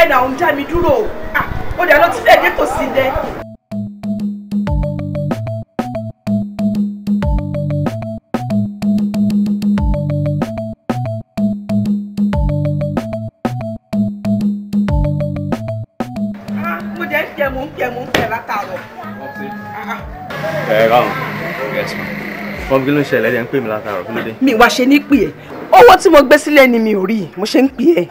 pẹ́ náà ń dá mi dúró ah, ó dẹ̀ lọ tí lè dé kò sí dẹ. Ah, mo jẹ́ ń jẹ mo ń jẹ mo ń jẹ látàárọ̀. ẹ ráhùn wọn kí ló ń ṣẹlẹ̀ ẹ̀ ń pè mí látàárọ̀ kí ló dé. mi wá ṣe ní pè é owó tí mo gbé sílẹ̀ ni mi ò rí mo ṣe ń pè é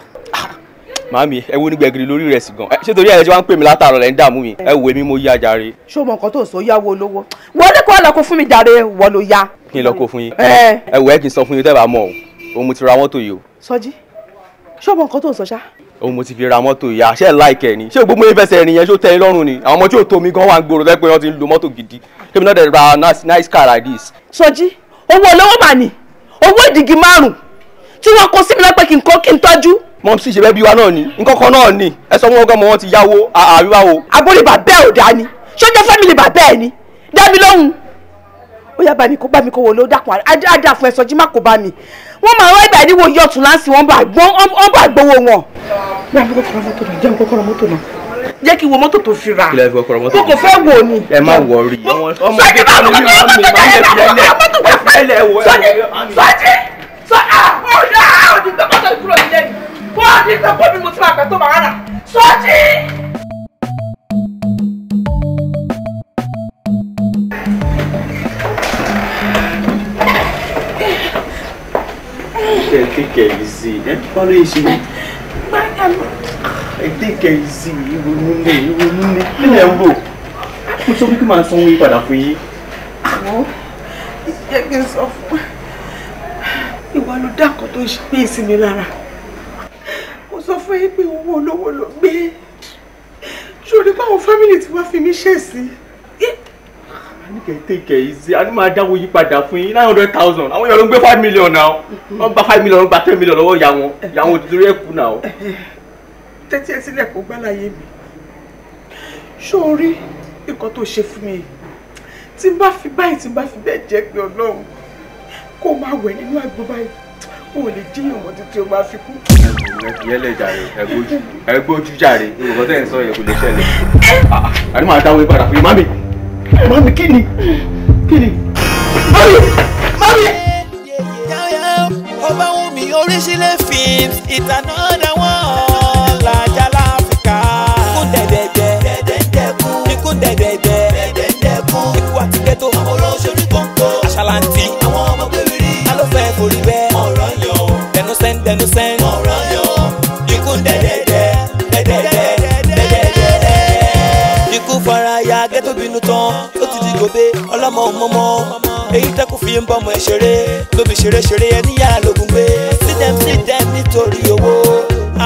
màámi ẹ wo ní gbẹ̀gìrì lórí rẹ̀ sí gan ṣé torí ẹ̀ ṣe wá ń pè mí látàrọ̀ lẹ́ ń dààmú mi ẹ wò mí mo yá jàre. ṣé o mọ nǹkan tó sọ yáwó olówó wọ́n ní kó lọ kó fún mi jàre wọ́n ló yá. kí n lọ kó fún yín ẹ wò ẹ kì í sọ fún yín tẹ́ bá mọ̀ o mo ti ra mọ́tò yìí o. sọjí ṣé o mọ nǹkan tó sọ ṣá. o mo ti fi ra mọ́tò yìí àṣẹ láìkẹ́ ni ṣé gbogbo ìfẹsẹ̀ rìn yẹn ṣó tẹ́ lọ́rùn ni àwọn ọmọ tí ò tó mi gan wà ń gbòòrò fẹ́ pé wọ́n ti ń lo mọ́tò gidi kí mi náà dẹ̀ ra nice car like this. sọjí owó olówó mà ní owó ìdìgì márùn-ún tí wọ́n kó sí mi lọ́pẹ́ kí n kó kí n tọ́jú mọ sí ṣe bẹ́ẹ̀ bí wa náà ni nkankan náà ni ẹ sọ wọn gan mọ wọn ti yáwó àríwá o. àbúrò bàbá ẹ ò dá ni ṣọjọ fámìlì bàbá ẹ ni dá mi lóhùn ó yá bá mi kó bá mi kó wò ló dàpọ̀ àdá fún ẹ̀sọ́ jimá kó bá mi wọ́n máa wá ìgbà ìdíwọ̀ yọ ọ̀tún láǹsì wọ́n bá gbowó wọn. bí a fi kọ́kọ́rọ́ mọ́tò náà jẹ́ kọ́kọ́rọ́ mọ́tò náà jẹ́ kí n wo mọ́tò tó fi ra mo kò fẹ́ wò ni. ẹ má wọrí. sọ́jí bá mi kọ́kọ́ mọ́tò tó yẹ kí n bá mọ́tò wá pẹ́. sọ́jí sọ́jí sọ́jí ọ̀dà ọ̀dùnkọ́ mọ́tò kúrò nílẹ̀ mi bọ́ọ̀dì tó kọ́ mi mo ti máa pẹ̀ tó máa rà sọ́jí. Take it easy. Ẹ fọ́nà ìṣe. Take it easy. Ìrònú ni ìrònú ni. Kí ni ẹ ń rò? Mo sọ pé kí màá sanwó yín padà fún yín. Àwọn jẹ́ kí n sọ fún ìwà ló dá nǹkan tó ń ṣe pé ìsinmi sọ fún yín pé owó olówó ló gbé ṣòrí báwọn fámìlì tí wọ́n fi mí ṣẹ̀ sí. àníkẹ́ tẹ̀kẹ́ ìzí àní máa dáwọ́ yí padà fún yín nine hundred thousand àwọn èèyàn ló ń gbé five million náà wọ́n gba five million wọ́n gba ten million lọ́wọ́ ìyá wọn ìyá wọn òtítọ́ rẹ̀ kú náà. tẹ́tí ẹ sílẹ̀ kó gbálàyé mi ṣòrí nǹkan tó ṣe fún mi tí n bá fi báyìí tí n bá fi bẹ́ẹ̀ jẹ́ pé ọlọ́run kó máa wẹ̀ nínú àgbo báyìí o lè jíyàn mọ́ títí o máa fi kú. ẹgbẹ́ jàre ẹgbójú ẹgbójú jàre nǹkan tẹ́ ẹ̀ ń sọ yẹn kò lè ṣẹlẹ̀ àní máa dáwọ́ ìpadà fún yín mami mami kí ni kí ni mami mami. ó bá wù mí oríṣiríṣi films ìtànà dáwọ́ làjà láfíríkà. ikú dẹ̀dẹ̀dẹ̀ dẹ̀dẹ̀dẹ̀kú ikú dẹ̀dẹ̀dẹ̀ dẹ̀dẹ̀dẹ̀kú ikú àti gẹ́tò àwọn olóṣèlú tó ń kó àwọn ọmọ gbèrè ta ló forí bẹ́ẹ̀ tẹnu sẹ́nu. ọ̀rọ̀ yóò ikú dẹ́dẹ́dẹ́ dẹ́dẹ́dẹ́dẹ́dẹ́dẹ́. ikú fara ya gẹ́tò bínú tán ó ti di gòbe ọlọ́mọ mọ́mọ́ èyí tẹ́kù fi ń bọ́mọ ẹ̀ ṣeré lóbi ṣeré ṣeré ẹ níyà lógun gbé sídẹ̀m sídẹ̀m nítorí owó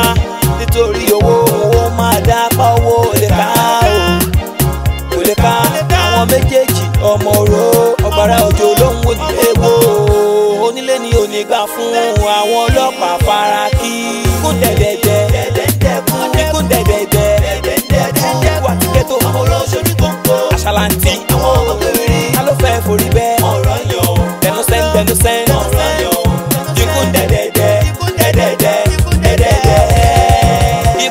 ah nítorí owó owó máa dá apá owó lè ká o kò lè ká àwọn méjèèjì ọmọ oró ọgbàrá òjò ló ń wò ní gbégbá fún àwọn ọlọ́pàá fara kí kú dẹ̀dẹ̀dẹ̀ kú dẹ̀dẹ̀dẹ̀ wà kíkẹ́ tó àwọn olóṣèlú ní kókó àṣàlàntì àwọn ọmọ kékeré ta ló fẹ́ forí bẹ́ẹ̀ ọ̀rọ̀ yọ tẹnusẹ́ tẹnusẹ́ ikú dẹ̀dẹ̀.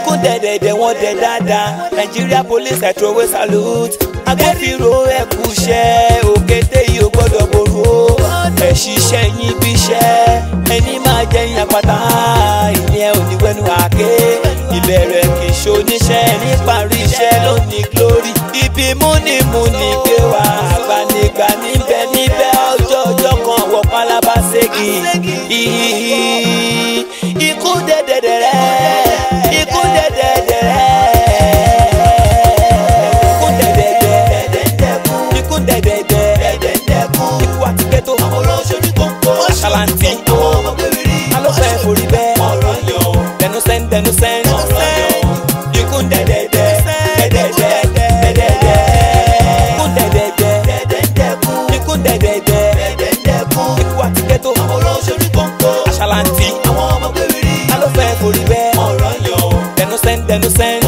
Ikú dẹ̀dẹ̀dẹ̀ wọn dẹ̀ dáadáa. Nigeria police I throw a salute. Agbófinró ẹ kú iṣẹ́. Òkété yìí ò gbọ́dọ̀ ború o. Ẹ ṣiṣẹ́ yín bí iṣẹ́. Ẹni máa jẹ yín àpáta. Ìyẹn ò ní wẹ́nu àáké. Ìbẹ̀rẹ̀ kì í ṣoníṣẹ́. Ẹni parí iṣẹ́ ló glory. Ibi múnimúni gbé wa. Àgbànigbà níbẹ̀ níbẹ̀ ọjọ́ ọjọ́ kan wọ̀ pálábá ségi. tẹnu sẹ́yìn ikú dẹ̀dẹ̀dẹ̀ dẹ̀dẹ̀dẹ̀ dẹ̀dẹ̀dẹ̀ ikú dẹ̀dẹ̀dẹ̀ ikú dẹ̀dẹ̀dẹ̀ ikú àti ghetto àwọn olóṣèlú kọ̀ọ̀kan aṣáláńtì àwọn ọmọ gbèrè ta ló fẹ́ forí bẹ́ẹ̀ tẹnu sẹ́yìn tẹnu sẹ́yìn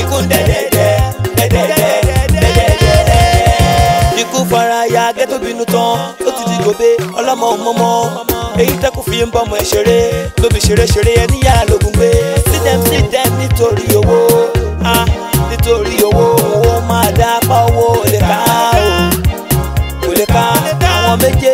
ikú dẹ̀dẹ̀dẹ̀ dẹ̀dẹ̀dẹ̀ dẹ̀dẹ̀dẹ̀ ikú fara ya ghetto bínú tán òjòbe ọlọ́mọ òmọmọ èyí tẹ́kù fi ń bọ́mọ ẹ̀ ṣeré lóbi ṣeré ṣeré ẹ níyà lógun gbé sí dem sí dem nítorí owó ah nítorí owó owó máa dá apá owó ò lè ká ò àwọn méje.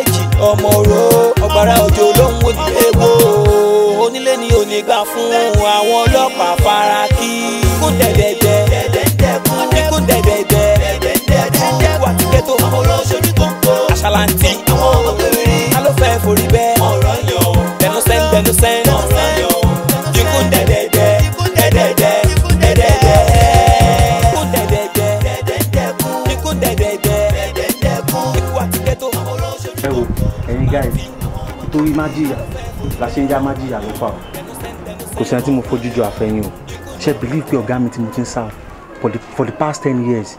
má jìyà la ṣe ń yá má jìyà ló fà o kò sẹ́ni tí mo fojú jọ àfẹ́yìn o ṣe believe pé ọ̀gá mi tí mo ti ń sá for the past ten years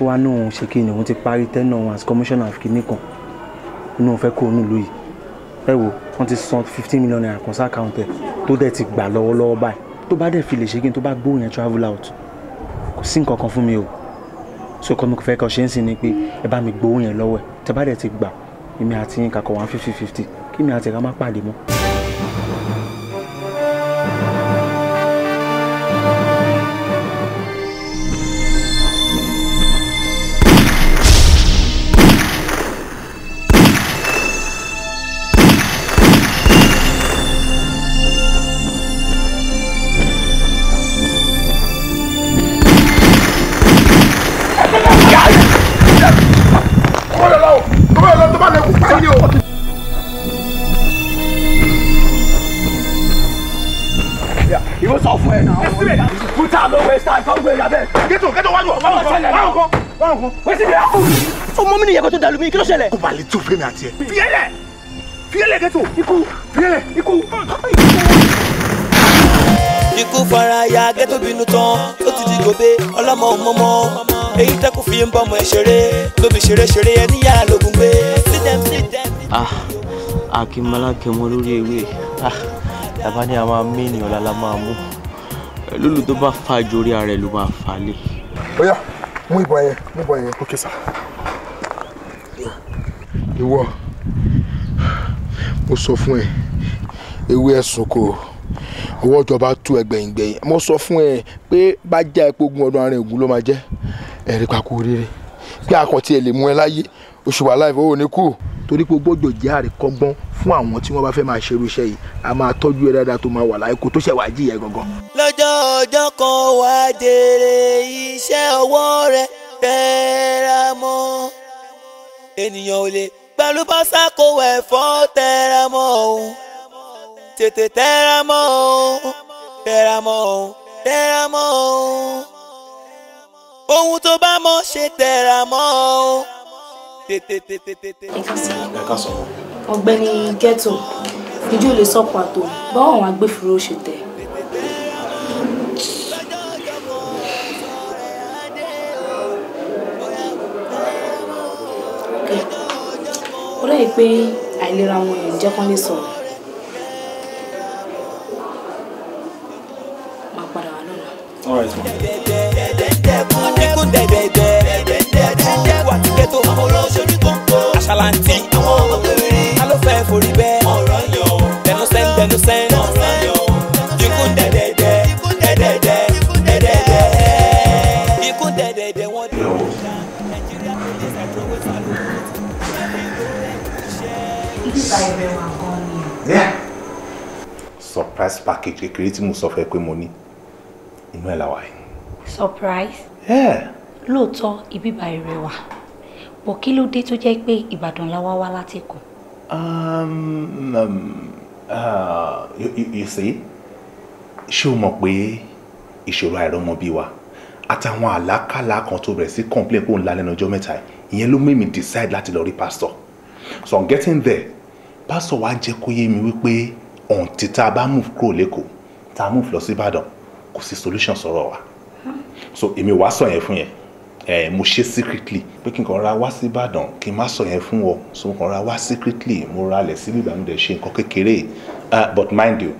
ó wá ní òun ṣe kí ni òun ti parí tẹ́nà òun as commissioner of kìnìún kan inú òun fẹ́ kó òun lóyè ẹ wo wọ́n ti san fifteen million naira kan sáà káwọn tẹ tó dẹ̀ ti gbà lọ́wọ́lọ́wọ́ báyìí tó bá dẹ̀ fi lè ṣe kí ni tó bá gbóhùn yẹn travel out kò sí nǹkan kan fún mi o so kọ́ mi kò fẹ́ kọ́ ṣe ń sìn ni pé ẹ bá mi gbóhùn yẹn lọ́wọ́ ẹ tẹ bá dẹ̀ ti gbà èmi àti yín kakọ̀ one fifty fifty kí mi àti ẹ̀ má pàdé mọ́. kankan wẹ́sì bí a. ọmọ mi nìyẹn kó tó mi kí ló ṣẹlẹ̀. kò balẹ̀ tó fẹ́mi àti ẹ̀. fiyẹlẹ fiyẹlẹ kẹtù ikú fiyẹlẹ ikú. ikú fara ya gẹ́tò bínú tán ó ti di gòbe ọlọ́mọ mọ́mọ́ èyí tẹ́kù fi ń bọ́mọ ẹ̀ ṣeré ṣeré ṣeré ẹ níyà lógun gbé. ah akínmọ́lá kẹmọ lórí ewé ah tàbá ni a máa mí ènìyàn lára máa mú lólu tó bá fa jòrí ara ẹ ló máa fa lé. ó mú ìbọn yẹn mú ìbọn yẹn. ok sir. ìwọ mo sọ fún ẹ ewé ẹ̀sùn kò owó ìjọba tú ẹ gbẹ̀yìngbẹ̀yìn mo sọ fún ẹ pé bá já epo gun ọdún arìnrìn ògùn ló máa jẹ ẹ̀rí pa kú rere pé àkàntì ẹ lè mú ẹ láyé oṣù wà láì fowó ní kú torí pé gbọ́dọ̀ jẹ́ àríkọ́gbọ́n fún àwọn tí wọ́n bá fẹ́ máa ṣerú iṣẹ́ yìí a máa tọ́jú ẹ dáadáa tó máa wà láyé kó tó ṣẹ̀ wá jíyẹ gangan lọ́jọ́ ọjọ́ kan wà jèrè iṣẹ́ ọwọ́ rẹ̀ tẹra mọ́. ènìyàn ò lè pẹ̀lú bọ́sà kó ẹ̀fọ́ tẹra mọ́ òun tètè tẹra mọ́ òun tẹra mọ́ òun tẹra mọ́ òun. ohun tó bá mọ̀ ṣe tẹra mọ́ òun tètè tètè tètè. ẹ ká sọ. ọ̀gbẹ́ni lè sọpọ àtò báwọn agbófinró ṣe tẹ. dàbí pé àìlera wọn ò jẹ́ kán lè sọ̀rọ̀. máa padà wá lọ́la. all right ma. aṣalanti àwọn ọmọ kékeré ta ló fẹ́ forí bẹ́ẹ̀ ọ̀rọ̀ ẹ̀bẹ̀ surprise package kékeré tí mo sọ fẹ́ pé mo ní inú ẹ̀ la wà yìí. surprise. lóòótọ́ ibi báyìí rẹwà bọ̀ kí ló dé tó jẹ́ pé ìbàdàn la wá wá láti kù. Um, um, uh, you, see, ṣé o mọ̀ pé ìṣòro àìrọ́mọ bí wa àtàwọn àlákàlà kan tó bẹ̀rẹ̀ sí complain kó ń la lẹ́nu ọjọ́ mẹ́ta ìyẹn ló mú mi decide láti lọ rí pastor so I'm getting there pásítọ̀ wa jẹ́ kó yé mi wípé ọ̀hún ti tá a bá move kúrò lẹ́kọ̀ọ́ tá a move lọ sí Ìbàdàn kò sí solution sọ̀rọ̀ wa so èmi wàá sọ yẹn fún yẹn ẹ mo ṣe secretly pé kí n kàn ra wá sí Ìbàdàn kí n má sọ yẹn fún ọ so kàn ra wá secretly mo ra lẹ̀ sí bíbá ṣe nǹkan kékeré ah, but mind you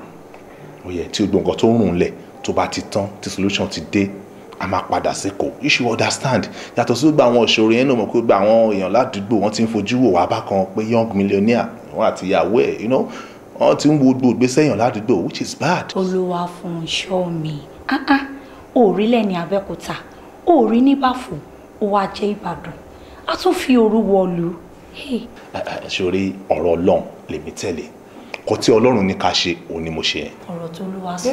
ó yẹ tí o gbọ́ nǹkan tó ń rùn lẹ̀ tó bá ti tán tí solution ti dé a máa padà sékòó you should understand yàtọ̀ sí gbogbo àwọn ìṣòro yẹn náà mọ̀ pé gbogbo àwọn èèyàn ládùúgbò wọ́n ti ń fojú wò wá bákan pé young millionaire wọn àti ìyàwó ẹ̀ you know wọ́n ti ń wo gbogbo ìgbésẹ̀ èèyàn ládùúgbò which is bad. olúwa fún iṣọ́ mi òòrí lẹ́ni abẹ́òkúta òòrí níbàfò ó wáá jẹ́ ìbàdàn a tún fi òru wọ̀lú. Eh, eh, ṣòrí ọ̀rọ̀ ọlọ́run lèmi tẹ̀lé nǹkan tí ọlọ́run ní ká ṣe òun ni mo ṣe yẹn. ọ̀rọ̀ tó ló wá sọ.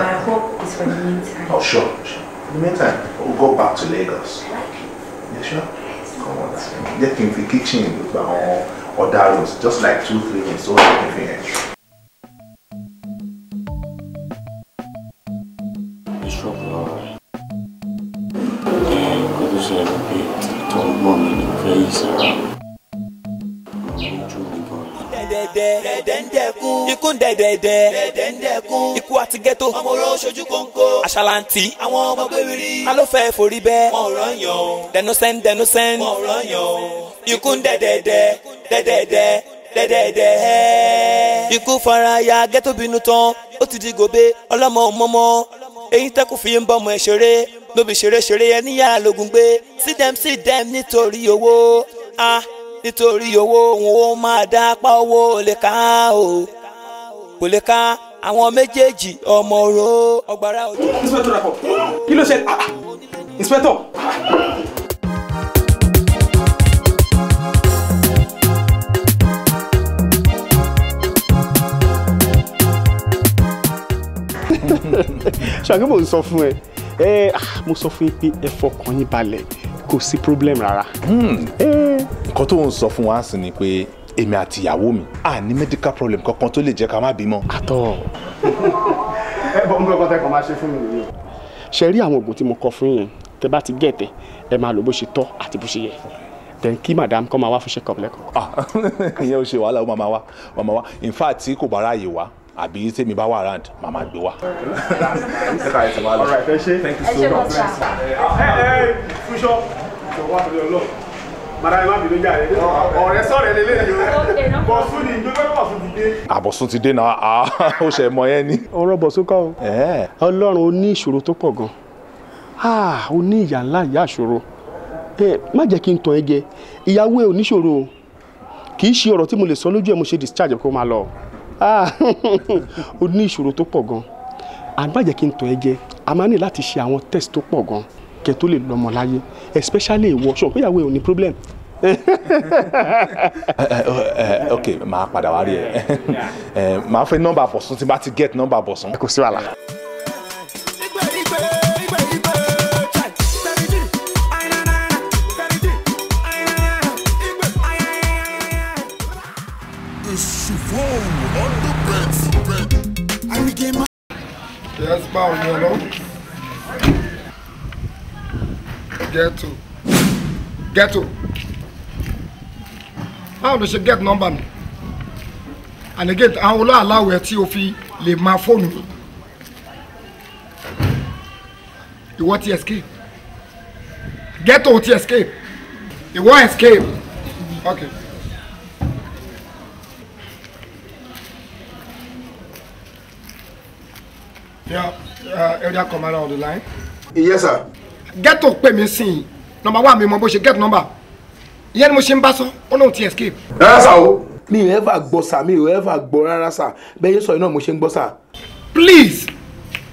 my hope is for the meantime. oh sure sure the meantime we'll go back to Lagos. Yeah, sure. come on jẹ́ kí n fi kitchen gbogbo àwọn ọ̀daràn just like two three minutes so wà ní fi ń dẹ́dẹ́dẹ́. dẹ́dẹ́ ń dẹ́kun. ikú àti ghetto. ọmọ oró ṣojú kóńkó. àṣàlàntì. àwọn ọmọ gbẹ̀wìrì. alófẹ́ forí bẹ́ẹ̀. wọn ò rọyàn o. dẹnusẹ́n dẹnusẹ́n. wọn ò rọyàn o. ikú ń dẹ́dẹ́dẹ́ dẹ́dẹ́dẹ́ dẹ́dẹ́dẹ́. ikú fara ya ghetto bínú tán ó ti di gòbe ọlọ́mọ mọ́mọ́ eyín tẹ́kù fi ń bọ́mọ ẹ̀ ṣeré lóbi ṣeréṣeré ẹ níyà lógun gbé sídẹ̀m sídẹ̀m nítorí owó a ah, nítorí owó òun ó máa dá apá owó lè ká o kò lè ka àwọn méjèèjì ọmọ oró ọgbàrá òjò. inspector dapò kí ló ṣe ah, inspector. ṣàgbé mo sọ fún ẹ ah, mo sọ fún yín pé ẹ fọkàn yín balẹ̀ kò sí problem rárá. Hmm. nǹkan tó ń sọ fún wa sí ni pé èmi àti ìyàwó mi a ní medical problem kankan tó lè jẹ́ ká má bímọ. àtọ. ẹ bọ nǹkan kan tẹkọọ máa ṣe fún mi nìyí. ṣe rí àwọn oògùn tí mo kọ fún yẹn tẹ bá ti gẹ̀tẹ̀ ẹ máa lò bó ṣe tọ́ àti bó ṣe yẹ then kí madam kọ́ máa wá fún check up lẹ́kọ̀ọ́. Ah, ìyẹn ò ṣe wàhálà ó máa wá ó máa wá in fact tí kò bá ráàyè wá àbí tèmi bá wà round màá máa gbé wá. thank you so much. ẹ ẹ fúnṣọ ìjọba àti ọlọ́run mara ẹ má bínú jà rẹ ọ̀rẹ́ sọ̀rẹ́ lélẹ́yìn o ni gbẹgbẹ́ bọ̀sùn ti dé. àbọ̀sùn ti dé náà ó ṣe mọ yẹn ni. ọ̀rọ̀ bọ̀sùn kọ́ o ọlọ́run ó ní ìṣòro tó pọ̀ gan ó ní ìyà ńlá ìyá ìṣòro má jẹ́ kí n tàn ẹ́ jẹ ìyàwó ẹ oníṣòro kì í ṣe ọ̀rọ̀ tí mo lè sọ lójú ẹ̀ mo ṣe discharge kó máa lọ ó ní ìṣòro tó pọ̀ gan àgbàjẹ́ kí n tàn ẹ́ jẹ a máa ní láti ṣe àwọn test tó pọ̀ gan kẹ́ tó lè lọ́mọ láyé especially ìwọ ṣùgbọ́n ìyàwó ẹ ò ní problem Eh, eh, eh, ok màá padà wá rí ẹ màá fẹ́ nọ́mbà bọ̀sùn tí bá ti get nọ́mbà bọ̀sùn. ẹ kò sí wàhálà. Yes, bow, yellow. Ghetto báwo ló ṣe get number mi and again àwọn olóòláwọ̀ ẹ tí o fi lè máa fóònù mi ìwọ ti escape ghetto ti escape ìwọ escape okay. Yeah, uh, Elder Commander on the line. Yes, sir. Get pè mí sí i. Number one mi mọ bó ṣe get number ìyẹn ni mo ṣe ń bá sọ ó lóun ti escape. rárá sá o. mi ò ẹ́fà gbọ́ sá mi ò ẹ́fà gbọ́ rárá sá bẹ́ẹ̀ yẹn sọ iná mo ṣe ń gbọ́ sá. please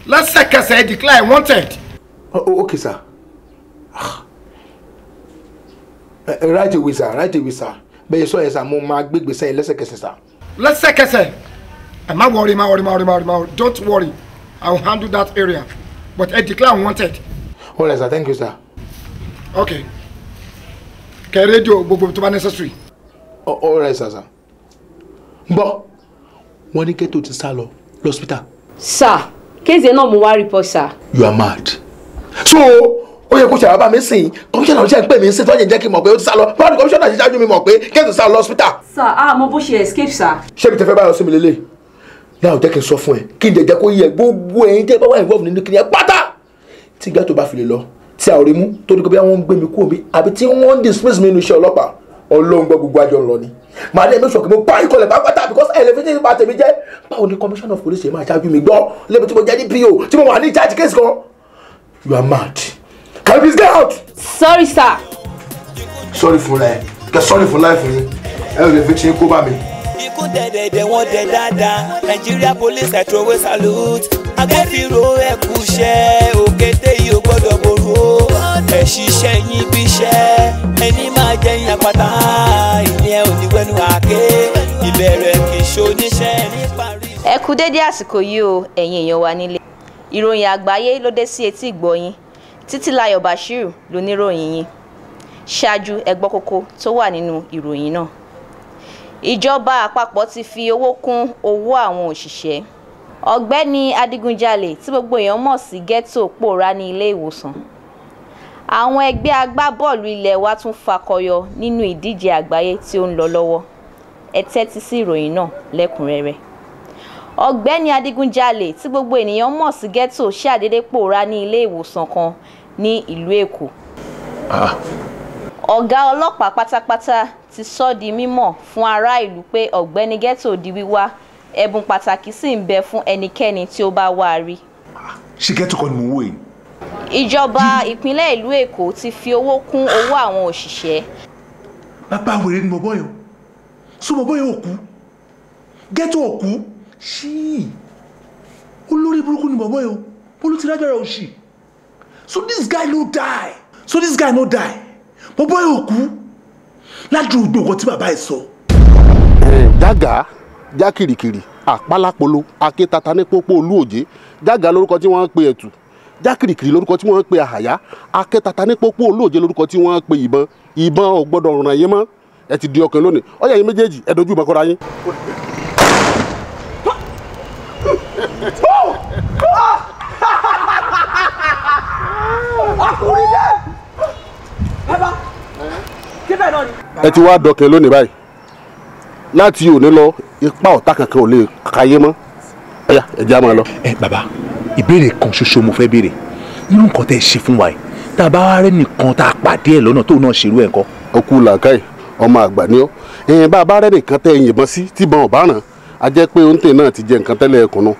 lẹ́sẹ̀kẹsẹ̀ declare wanted. Oh, okay sir ah. eh, eh, right away sir right away sir bẹ́ẹ̀ sọ yẹn sá mo máa gbégbé sẹ́yìn lẹ́sẹ̀kẹsẹ̀ sá. lẹ́sẹ̀kẹsẹ̀ ẹ eh, má worry má worry má worry má worry má worry don't worry i will handle that area but I declare wanted. all right sir thank you sir. okay kẹ radio, gbogbo tó bá necessary. ọ rẹ sàṣà gbọ́ wọ́n ní kẹ́tò ti sá lọ lọ́sítà. sà kéze náà mo wá report sà. you are mad. so ó yẹ kó ṣe àbábá mi sìn kọmíṣánná ọ̀ṣẹ́ ń pè mí sí tọ́jú ìjẹ́ kí n mọ̀ pé ó ti sá lọ báwo ni kọmíṣánná ṣe ṣáájú mi mọ̀ pé kẹ́tò sá lọ lọ́sítà. sà á mọ bó ṣe escape sà. ṣé ibi tẹ fẹ́ báyọ̀ sí mi lélẹ̀ náà jẹ́ kí n sọ fún ẹ kí n jẹ́ kó yẹ gbogbo ẹ̀yin tẹ́ bá wà involve nínú kí ni ẹ pátá tí ìgbà tó bá fi lè lọ tí a ò rí mú torí pé wọ́n ń gbé mi kúrò mi àbí tí wọ́n ń dismiss mi nínú iṣẹ́ ọlọ́pàá ọlọ́run gbọ́ gbogbo àjọ ńlọ ni màá dé mẹ́sàn-án kí mo pa ìkọlẹ̀ pápátá because ẹlẹ́fẹ́tì nípa tèmi jẹ́ báwo ni commissioner of police ṣe máa ṣáájú mi gbọ́ lẹ́bi tí mo jẹ́ ní po tí mo wà ní charge case kan you are mad can you please get out. sorry sir. sorry fún ẹ kẹ sorry fún láì fún yín ẹ ò lè fi ṣe kó bá mi. ikú dẹ̀dẹ̀dẹ̀ wọ́n dẹ̀ dáadáa Nigeria police ẹ̀ tó wé salute agbẹ́fìró ẹ̀kúṣẹ́ òkété ẹ ṣiṣẹ́ yín bí iṣẹ́ ẹni máa jẹ yín àpáta ìyẹn ò ní wẹ́nu àáké ìbẹ̀rẹ̀ kì í ṣoníṣẹ́ ní parí. ẹ kú dédé àsìkò yìí o ẹ̀yin èèyàn wa nílé ìròyìn àgbáyé ló dé sí etí ìgbọ̀yìn títílayọ̀ bashiru lóníròyìn yín ṣáájú ẹ kókó tó wà nínú ìròyìn náà ìjọba àpapọ̀ ti fi owó kún owó àwọn òṣìṣẹ́ ọ̀gbẹ́ni adigunjalè tí gbogbo èèyàn mọ̀ sí ghetto pòórá ní ilé ìwòsàn àwọn ẹgbẹ́ agbábọ́ọ̀lù ilé wa tún fakọyọ nínú ìdíje àgbáyé tí ó ń lọ lọ́wọ́ ẹ tẹ́tí sí ìròyìn náà lẹ́kùnrẹ́rẹ́ ọ̀gbẹ́ni adigunjalè tí gbogbo ènìyàn mọ̀ sí ghetto ṣàdédé pòórá ní ilé ìwòsàn kan ní ìlú èkó ah. ọ̀gá ọlọ́pàá pátápátá ti sọ di mímọ̀ fún ará ìlú pé ọ̀gbẹ́ni ghetto di wíwá ẹ̀bùn pàtàkì sì ń bẹ fún ẹnikẹ́ni tí ó bá wá rí. Ah. ṣé ghetto kan ni mo wò yìí ìjọba ìpínlẹ̀ ìlú èkó ti fi owó kún owó àwọn òṣìṣẹ́. bàbá wèrè ni mo bọ́ yẹn so mo bọ́ yẹn òkú ghetto òkú ṣíì olórí burúkú ni mo bọ́ yẹn o rẹ̀ ò ṣì so this guy no die so this guy no die mo bọ́ yẹn òkú lájú gbogbo tí bàbá ẹ̀ sọ. jágà já kirikiri àpálápolo akétata ní pópó olú òjé jágà lórúkọ tí wọ́n ń pe ẹ̀tù jákìrìkìrì lórúkọ tí wọ́n pe àhàyá akẹ́tata ní pópó olóòjé lórúkọ tí wọ́n pe ìbọn ìbọn ò gbọ́dọ̀ ràn yín mọ́ ẹ ti di ọkàn lónìí ọyà yín méjèèjì ẹ dojú ìbọn kọ́ra yín. ẹ ti wá dọkàn lónìí báyìí láti òní lọ ipa ọ̀tá kankan ò lè kàyé mọ́ ọ̀yà ẹ̀jẹ̀ á máa lọ. ẹ bàbá ìbéèrè kan ṣoṣo mo fẹ́ béèrè irú nǹkan tẹ́ ẹ ṣe fún wa yìí tá a bá rẹ́ nìkan tá a pàdé ẹ̀ lọ́nà tóun náà ṣerú ẹ̀ ńkọ́. ọkù làákàyè ọmọ àgbà ni ọ ẹ̀yin bá a bá rẹ́ nìkan tẹ́ ẹ yìnbọn sí tíbọn ọ̀bá ràn á jẹ́ pé oúnjẹ náà ti jẹ nǹkan tẹ́lẹ̀ ẹ̀kùnú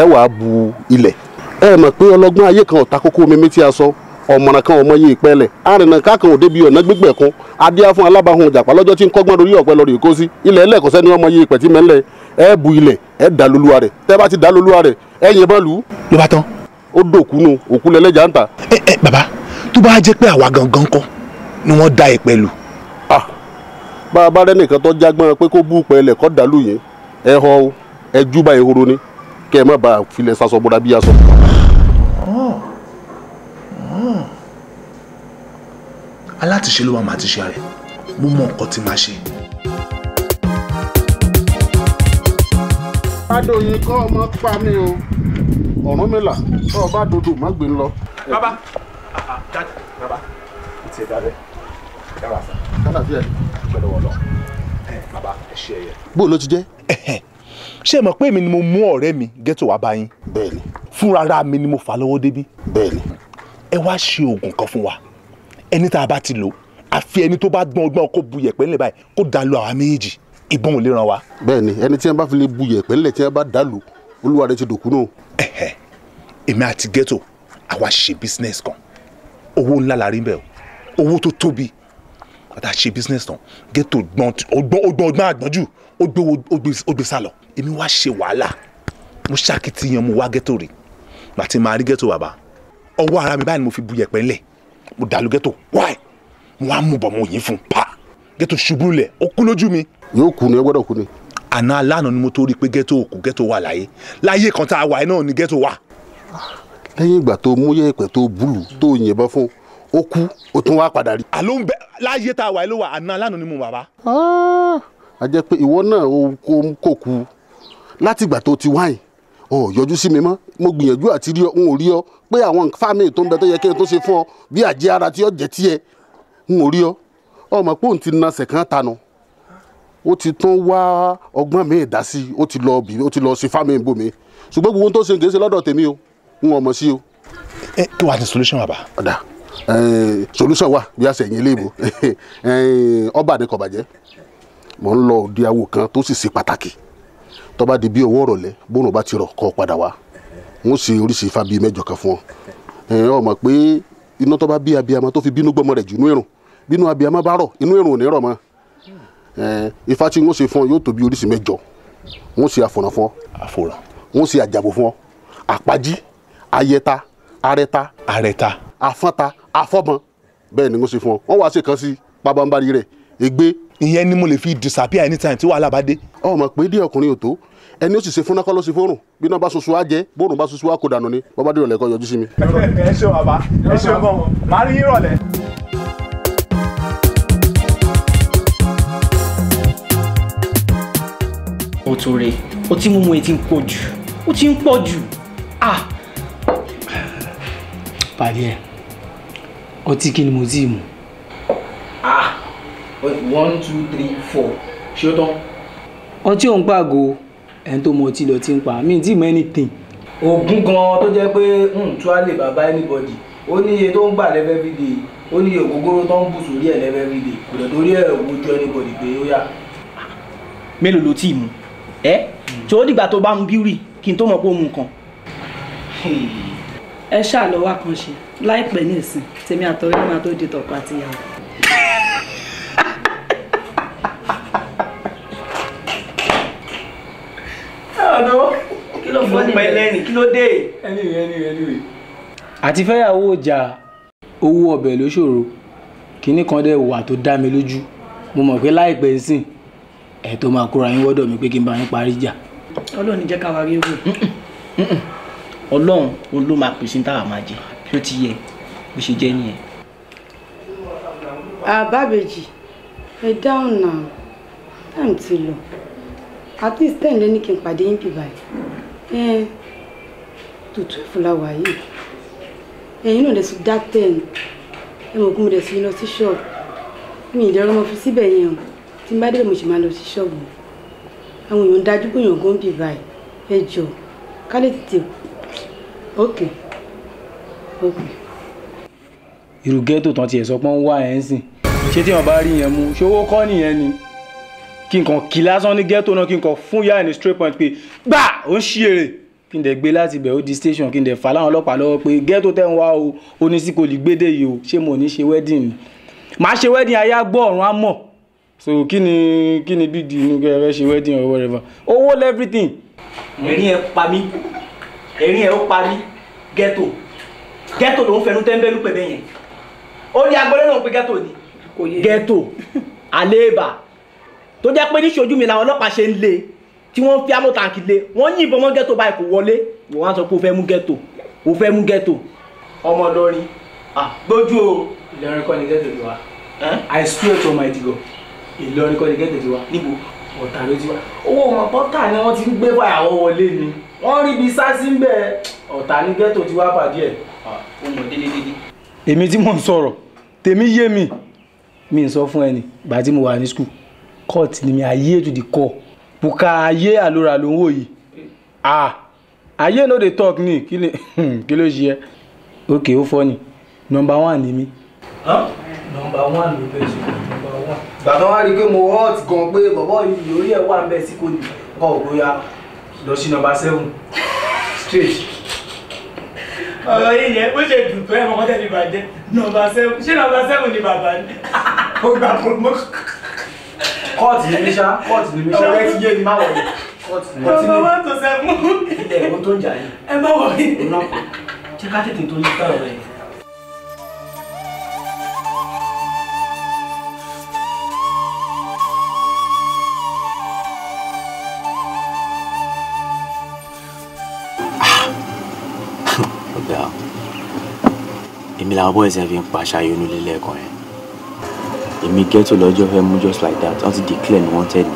ẹ wàá bu ilẹ̀ ẹ mọ̀ pé ọlọ́gbọ́n ayé kan ọ̀tá kókó mímí tí a sọ ọ̀mọ̀ràn kan ọmọ yìí pẹ́lẹ̀ arìnrìn kákan òde bíi ọ̀nà gbígbẹ̀ kún adíá fún alábàáhùn jàpá lọ́jọ́ tí ń kọ́gbọ́n lórí ọ̀pẹ lọ́rọ̀ èkó sí ilẹ̀ ẹlẹ́kọ̀ sẹ́ni ọmọ yìí pẹ̀tí mẹ́lẹ̀ ẹ bu ilẹ̀ ẹ dà lólúwa rẹ̀ tẹ́ bá ti dà lólúwa rẹ̀ ẹ yìnbọn lù ú. ló bá tán. ó dòkú nu òkú lẹlẹ́jà ń ta. ẹ ẹ bàbá tó bá jẹ́ pé àwa gangan kọ́ ni wọ́n da ìpẹ́ lù. bá a bá rẹ́ nìkan tó jágbọ́n pé kó bú ìpẹ́ lẹ̀ kọ́ dàlú yìí ẹ họ ẹ júbà ehoro ni kẹ́ ẹ má bàa filẹ̀ sasọ bọ́dà bí aṣọ. alátiṣe ló máa máa ti ṣe rẹ̀ mo mọ nǹkan tí máa ṣe. Fádòyìn kọ́ ọmọ pa mí o Ọ̀rúnmìlà tó o bá dodo má gbé ń e lọ. bàbá jáde bàbá o ti dábẹ́ dára sa dára bí ẹ gbẹdọ̀ wọ̀ lọ bàbá ẹ ṣe ẹyẹ. bó ló ti jẹ́. ṣé ẹ mọ̀ pé èmi ni mo mú ọ̀rẹ́ mi ghetto wá bá yín. bẹ́ẹ̀ni. fúnra mi ni mo fà lọ́wọ́ débi. bẹ́ẹ̀ni. ẹ wá ṣe oògùn kan fún wa ẹni tá a bá ti lò àfi ẹni tó bá gbọ́n ọgbọ́n kó bu yẹ̀pẹ̀ ńlẹ̀ báyìí kó dàlú àwa méjèèjì ìbọn ò lè ràn wá. bẹ́ẹ̀ni ẹni tí wọn bá fi lè bu yẹ̀pẹ̀ ńlẹ̀ tí wọn bá dàlú olúwa rẹ ti dòkú náà. ẹhẹ èmi àti ghetto àwa ṣe business kan owó ńlá la rí bẹ́ẹ̀ o owó tó tóbi àtà ṣe business tán ghetto gbọ́n ọgbọ́n ọgbọ́n àgbọ́njù ó gbé sálọ èmi wá ṣe wàhálà mo ṣàkìtìyàn mo wá ghetto rè màtí màá rí ghetto bàbá ọwọ́ ara mi báyìí ni mo fi bu yẹ̀pẹ̀ ńlẹ̀ mo dàlú ghetto why mo wá mú bọ̀ mo yìn fún pa ghetto ṣubú lẹ̀ ó kú lójú mi. yóò kú ni ẹ gbọ́dọ̀ kú ni. àná alánà ni mo tó rí i pé ghetto òkú ghetto wà láyé láyé kan tá a wà ẹ náà ni ghetto wà. lẹ́yìn ìgbà tó mú yẹ̀pẹ̀ tó búlù tó yìnbọn fún ó kú ó tún wá padà rí. àló ń bẹ láyé tá a wà ẹ ló wà àná alánà ni mo bàbá. Ah! a jẹ́ pé ìwọ náà kò kú látìgbà tó ti wáyìn ọ yọjú sí mi mọ́ mo gbìyànjú àti rí ọ n ò rí ọ pé àwọn fámì tó ń bẹ tó yẹ kí n tó ṣe fún ọ bí àjẹ ara tí ọ jẹ tiẹ n ò rí ọ ọmọ pé òun ti na sẹ̀kán tanu ó ti tún wá ọgbọ́n mi dá sí ó ti lọ bì ó ti lọ ṣe fámì bòmí ṣùgbọ́n gbogbo ohun tó ṣe kì í ṣe lọ́dọ̀ tèmi o n ò mọ̀ sí o. ẹ kí wàá ní solution bàbá. ọ̀dà solution wà bí a ṣe yín léèbó ọba àdékọ̀bàjẹ́ mò ń lọ òde àwò kan tó sì ṣe pàtàkì tó bá di bí owó ọ̀rọ̀lẹ́ bóun bá ti rọ̀ kọ́ padà wá wọ́n sì oríṣi ifá bíi mẹ́jọ kan fún ọ ẹ ọ mọ̀ pé iná tó bá bí abiyamọ tó fi bínú gbọ́mọ rẹ̀ jù inú ẹ̀rùn bínú abiyamọ bá rọ̀ inú ẹ̀rùn ò ní rọ̀ mọ́ ifá tí wọ́n ṣe fún ọ yóò tó bí oríṣi mẹ́jọ wọ́n ṣe àfọ̀nà fún ọ àfọ̀nà wọ́n ṣe àjàbò fún ọ àpájí ayẹta arẹta arẹta afọ́nta afọ́mọ bẹ́ẹ̀ ni wọ́n ṣe fún ọ wọ́n wá ṣe kan sí pabambari rẹ̀ ègbé ìyẹn ni mo lè fi disappear anytime tí wàhálà bá dé. ọ pé díẹ̀ ọkùnrin ò tó ẹni ó sì ṣe fúnná kọ́ ló ṣe fóònù bí iná bá ṣoṣo á jẹ bóòrùn bá ṣoṣo á kó dànù ni bàbá dìrọ̀lẹ́ kọ́ yọjú sí mi. ẹ ṣe bàbá ẹ ṣe gan màá rí ìrọ̀lẹ́. o tó re o ti mú mu etí ń pọ̀ jù o ti ń pọ̀ jù ah. pàdé ẹ ọtí kí ni mo ti mú one two three four ṣé ó tán. ọtí ò ń pàgò ẹni tó mọ ọtí lọ ti ń pa mi tí mọ anything. oògùn gan tó jẹ́ pé ntuale hmm, bàbá anybody ó ní iye tó ń gbà lẹ́fẹ́ fi dè ó ní iye ògógóró tó ń bù sórí ẹ̀ lẹ́fẹ́ fi kò lè torí ẹ̀ wojú anybody pé ó yà. mélòó ló tí ì mu ẹ tí hmm. ó dìgbà tó bá mu bíúrì kí n tó mọ̀ pé ó mu nǹkan. ẹ ṣáà lọ wá kan ṣe láìpẹ́ ní ìsìn tèmi àtọ́rí máa tó di tọ̀pọ̀ àtìyàwó. pẹ́ lẹ́rìn kí ló dé. anyway anyway anyway. àti fẹ́yàwó ọjà owó ọbẹ̀ ló ṣòro kinní kan dẹ̀ wà tó dá mi lójú mo mọ̀ pé láìpẹ́ nsìn ẹ̀ tó máa kóra yín wọ́dọ̀ mi pé kí n bá yín parí ìjà. ọlọ́run jẹ́ ká wa rí owó. ọlọ́run òun ló máa pèsè táwa máa jẹ tó ti yẹ bó ṣe jẹ́ nìyẹn. àbábẹ́jì ẹ dáhùn náà táìmù ti lọ at least ten kí n pàdé yín bíbáyìí. Eh, tòtú ìfúláwà yìí ẹ̀yin náà lẹ́sùn dá ten ẹ mọ̀ kún mi lẹ́sùn lọ sí ṣọ́ọ̀bù mi ìlera ọmọ fi síbẹ̀ yẹn o tí n bá dé mo sì máa lọ sí ṣọ́ọ̀bù àwọn èèyàn dájú pé èèyàn gan bì báyìí ẹ jọ ká lè tètè ókè ókè. irú ghetto tán tiẹ̀ sọ pé ń wá ẹ̀ ń sìn ṣé tí wọn bá rí yẹn mú ṣé owó kọ́ nìyẹn ni. Okay kí n kàn kí lásán ní ghetto náà kí n kàn fún yáà ní straight point pé gbà ó ń ṣí èrè kí n dẹ̀ gbé láti bẹ̀ ó di station kí n dẹ̀ fà láwọn ọlọ́pàá lọ́wọ́ pé ghetto tẹ̀ ń wá o onísìkò lè gbédè yìí o ṣé mo ní ṣe wedding ni màá ṣe wedding ayé agbọ́ ọ̀run á mọ̀ so kí ni kí ni big deal nígbà ẹ ṣe wedding or whatever owó everything. ẹ̀rín ẹ̀ pa mí ẹ̀rín ẹ̀ ó pa mí ghetto ghetto ló ń fẹnu tẹ́ńbẹ́lú pẹ̀lú yẹn ó ní agbọ́dọ̀ náà pé ghetto ni ghetto àléébà tó jẹ́ pé níṣojú mi làwọn ọlọ́pàá ṣe ń lé tí wọ́n fi amọ̀ tàǹkì lé wọ́n yìnbọn mọ́ ghetto báyìí kò wọlé wọ́n á sọ pé o fẹ́ mú ghetto o fẹ́ mú ghetto. ọmọ lọrin gbójú o Ìlọrin kọ́ ni ghetto ti wá I swear to my digo Ìlọrin kọ́ ni ghetto ti wá níbo ọ̀tà ló ti wá owó ọmọ bọ́tà ni wọ́n ti ń gbé fàyàwọ́ wọlé ni wọ́n rí ibi sásí ń bẹ ọ̀tà ni ghetto ti wá pàdé ẹ̀ ọmọ délédédé. èmi tí mò ń sọ̀rọ̀ tèmi yé mi mi ń sọ fún ẹni gbà tí mo wà ní skul cut ni mi ayé to the core buka ayé àlòrà ló ń wò yìí ah ayé no dey talk ni kí ni hmm, kí ló ṣe ẹ ok ó fọ ni number one ni mi. number one ló bẹ ṣe number one. bàbá wa rí i pé mo hot gan pé bọ̀bọ̀ yìí lórí ẹ̀ wà ń bẹ̀ sí kò ní kọ́ ògbóyà lọ sí number seven straight. ọ̀rọ̀ yìí yẹ bó ṣe dùn tó ẹ̀ mọ́kọ́tẹ́ ní bàjẹ́ number seven ṣé number seven ni bàbá ni. ó gbà promotion kọ́ọ̀tù ni mí ṣá kọ́ọ̀tù ni mí ṣá ọ̀rẹ́ ti yé mi má wọ̀ yìí kọ́ọ̀tù ni mí ṣá. ọmọ tó ṣe mú. ilé ẹ̀wọ̀n tó ń jà yìí. ẹ má wọ̀ yìí. ọ̀nà ká tètè tó ní sọ̀rọ̀ rẹ̀. Ah! èmi làwọn bọ́ọ̀sì ẹ̀ fi ń pa aṣáájú onílé lẹ́ẹ̀kan yẹn èmi ghetto lọ́jọ́ fẹ́ mú just like that wọ́n the declare wanted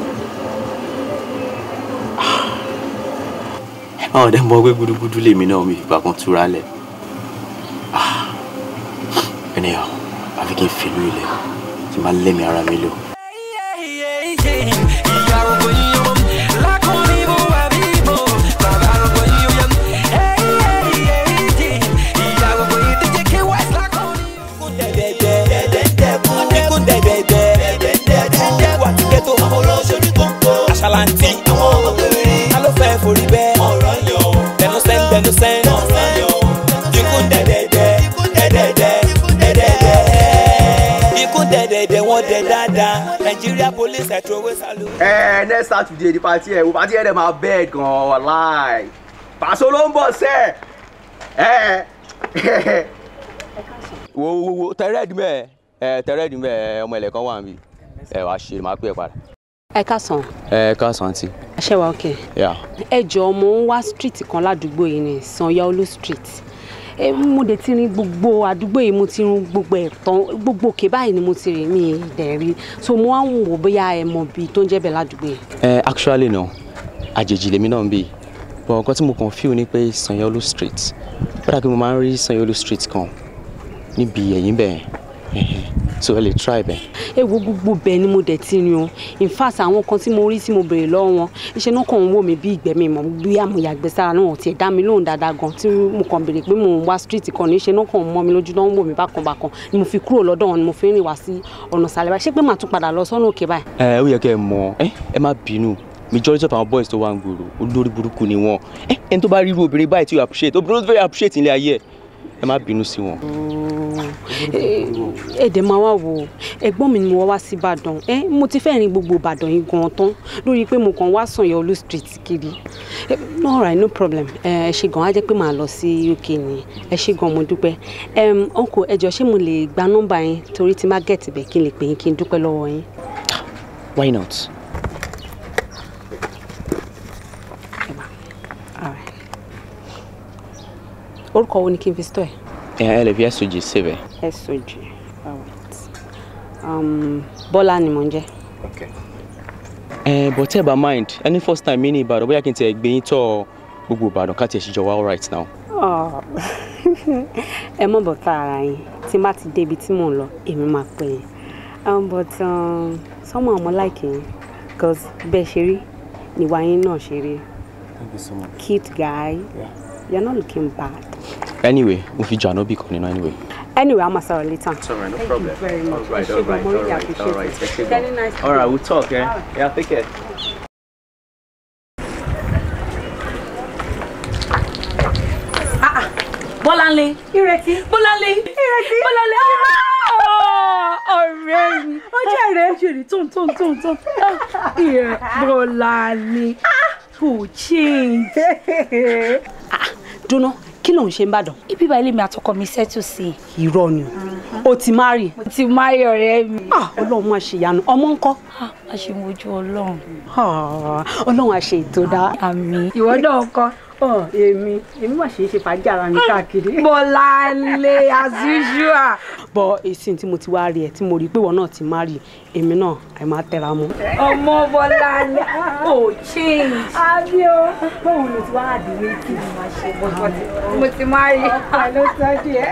ah. me. àwọn ọ̀dẹ́ mọ̀ pé gudugudu lèmi náà mi fìgbà kan túra lẹ̀. Ah. anyhow àfi kí n fìlú ilẹ̀ tí n bá lẹ́mi ara mi lò. ṣàlàntì. àwọn ọmọbìnrin ta ló fẹ́ forí bẹ́ẹ̀. ọ̀rọ̀ yọ. tẹnusẹ́ tẹnusẹ́. ọ̀rọ̀ yọ. ikú dẹ̀dẹ̀dẹ̀ ikú dẹ̀dẹ̀dẹ̀ ikú dẹ̀dẹ̀dẹ̀. ikú dẹ̀dẹ̀dẹ̀ wọ́n dẹ̀ dáadáa Nigeria police ẹ̀ tó owó sálú. ẹ next Saturday di pati ẹ wo pati ẹ dẹ máa bẹ́ẹ̀ gan-an wàláì pàṣẹ ló ń bọ̀ sẹ́ ẹ wo wo tẹrẹ dùn bẹ́ẹ̀ tẹrẹ dùn bẹ́ẹ̀ ọmọ ẹlẹ́kan wà níbí ẹ wàá ṣe máa pè é padà ẹ káàsán. ẹ káàsán àǹtí. ṣé wàá òkè. ẹ jọ̀ọ́ mo ń wá street kan ládùúgbò yìí ní Sanyaolu street ẹ mo dé ti rin gbogbo àdúgbò yìí mo ti rin gbogbo ẹ̀tàn gbogbo òkè báyìí ni mo ti rìn mí dẹ̀rí so mo wá ń wò bóyá ẹ mọ ibi tó ń jẹ́ bẹ́ẹ̀ ládùúgbò yìí. ẹ actually no àjèjì lèmi náà ń bì bọ̀ nǹkan tí mo kàn fíìl ni pé Sanyaolu street bọ́dà kí mo máa ń rí Sanyaolu street kan níbi ẹ̀yìn bẹ́ẹ̀ so ẹ lè try bẹ́ẹ̀. ẹ wo gbogbo bẹ́ẹ̀ ni mo dẹ̀ ti rin o in fact àwọn kan tí mo rí tí mo béèrè lọ́wọ́ wọn iṣẹ́ náà kàn ń wò mí bí ìgbẹ́ mi mọ̀ bí àmọ̀yà gbẹ́sára náà ò dá mi lóhùn dáadáa gan tí mo kàn béèrè pé mo ń wá street kan ní iṣẹ́ náà kàn ń mọ́ mi lójú náà ń wò mí bákan bákan ni mo fi kúrò lọ́dọ̀ wọn ni mo fi rìn wá sí ọ̀nà sàlẹ̀ báyìí ṣé pé màá tún padà lọ sọ́nà òkè báyìí. ẹ ó yẹ kẹ́ ẹ mọ̀ ẹ ẹ má bínú majority of appreciate obìnrin tó appreciate ilé ayé ẹ ẹ má bínú sí wọn. ẹ̀dẹ̀ máa wá wo ẹ̀gbọ́n mi ni mo wá sí ìbàdàn ẹ mo ti fẹ́ẹ́ rin gbogbo ìbàdàn yìí gan-an tán lórí pé mo kàn wá sànyẹ̀ olú street kiri all right no problem ẹ ṣe gan-an á jẹ́ pé màá lọ sí uk ni ẹ ṣe gan-an mo dúpẹ́ ọkọ ẹjọ ṣé mo lè gba nọ́mbà yín torí ti má gẹ̀ẹ́tì bẹ̀ kí n lè pè yín kí n dúpẹ́ lọ́wọ́ yín. why not? orúkọ wo ni kí n fi sítọ̀ ẹ̀. ẹ ẹ lè fi ẹsọjì síbẹ̀. ẹsọjì alright um, bọ́lá ni mò ń jẹ́. okay. ẹ but ẹ bá mind any first time mi ní ìbàdàn bóyá kí n tiẹ̀ gbé yín tọ̀ gbogbo ìbàdàn ká tiẹ̀ ṣe jọ wá alright now. Oh. ẹ mọ̀ bọ̀ tá ara yín tí má ti débi tí mò ń lọ èmi máa pè yín um, but um, sọmọ ọmọ láìkè yín because bẹ́ẹ̀ ṣe rí níwáyé náà ṣe rí. thank you so much. cute guy yeah. you're not looking bad anyway mo fi jàná bí kan nínú anyway. I'm a máa later. it's no Thank problem you very much all right all right all right all right ẹ ṣe gan all right we'll talk eh? yeah take care. Ah, ah. Bọ́láńlé. Ìrètí. Bọ́láńlé. Ìrètí. Bọ́láńlé. Ah! Ọ̀rẹ́ mi. Ó jẹ́ rẹ̀ jèrè tún tún tún tún. Ìrẹ̀ Bọ́láńlé. Kò change. Dúnà kí ló ń ṣe ń bàdàn. ibi ìbá ilé mi àtọkọ mi ṣètò sí i. irọ́ ni o uh-huh. ti má rí. mo ti má rí ọ̀rẹ́ mi. Ah, ọlọ́run máa ṣe ìyanu ọmọ ńkọ́. Ah, a ṣe mojú ọlọ́run. Ah, ọlọ́run á ṣe ètò dáa. àmín ìwọ náà kọ́. Oh, Emi, Emi, mà ṣeé ṣe fàájì ara mi ah, káàkiri. Bọ́láńlé as usual. bọ èsì tí mo ti wá rí ẹ tí mo rí i pé ìwọ náà ti má rí èmi náà àì máa tẹra mọ́. ọmọ Bọ́láńlé ò change. àbí o báwo ló ti wá àdúgbò kí ni màá ṣe bọ́tọ̀ tí mo ti má rí. ọ̀pá ló sọ díẹ̀. ẹ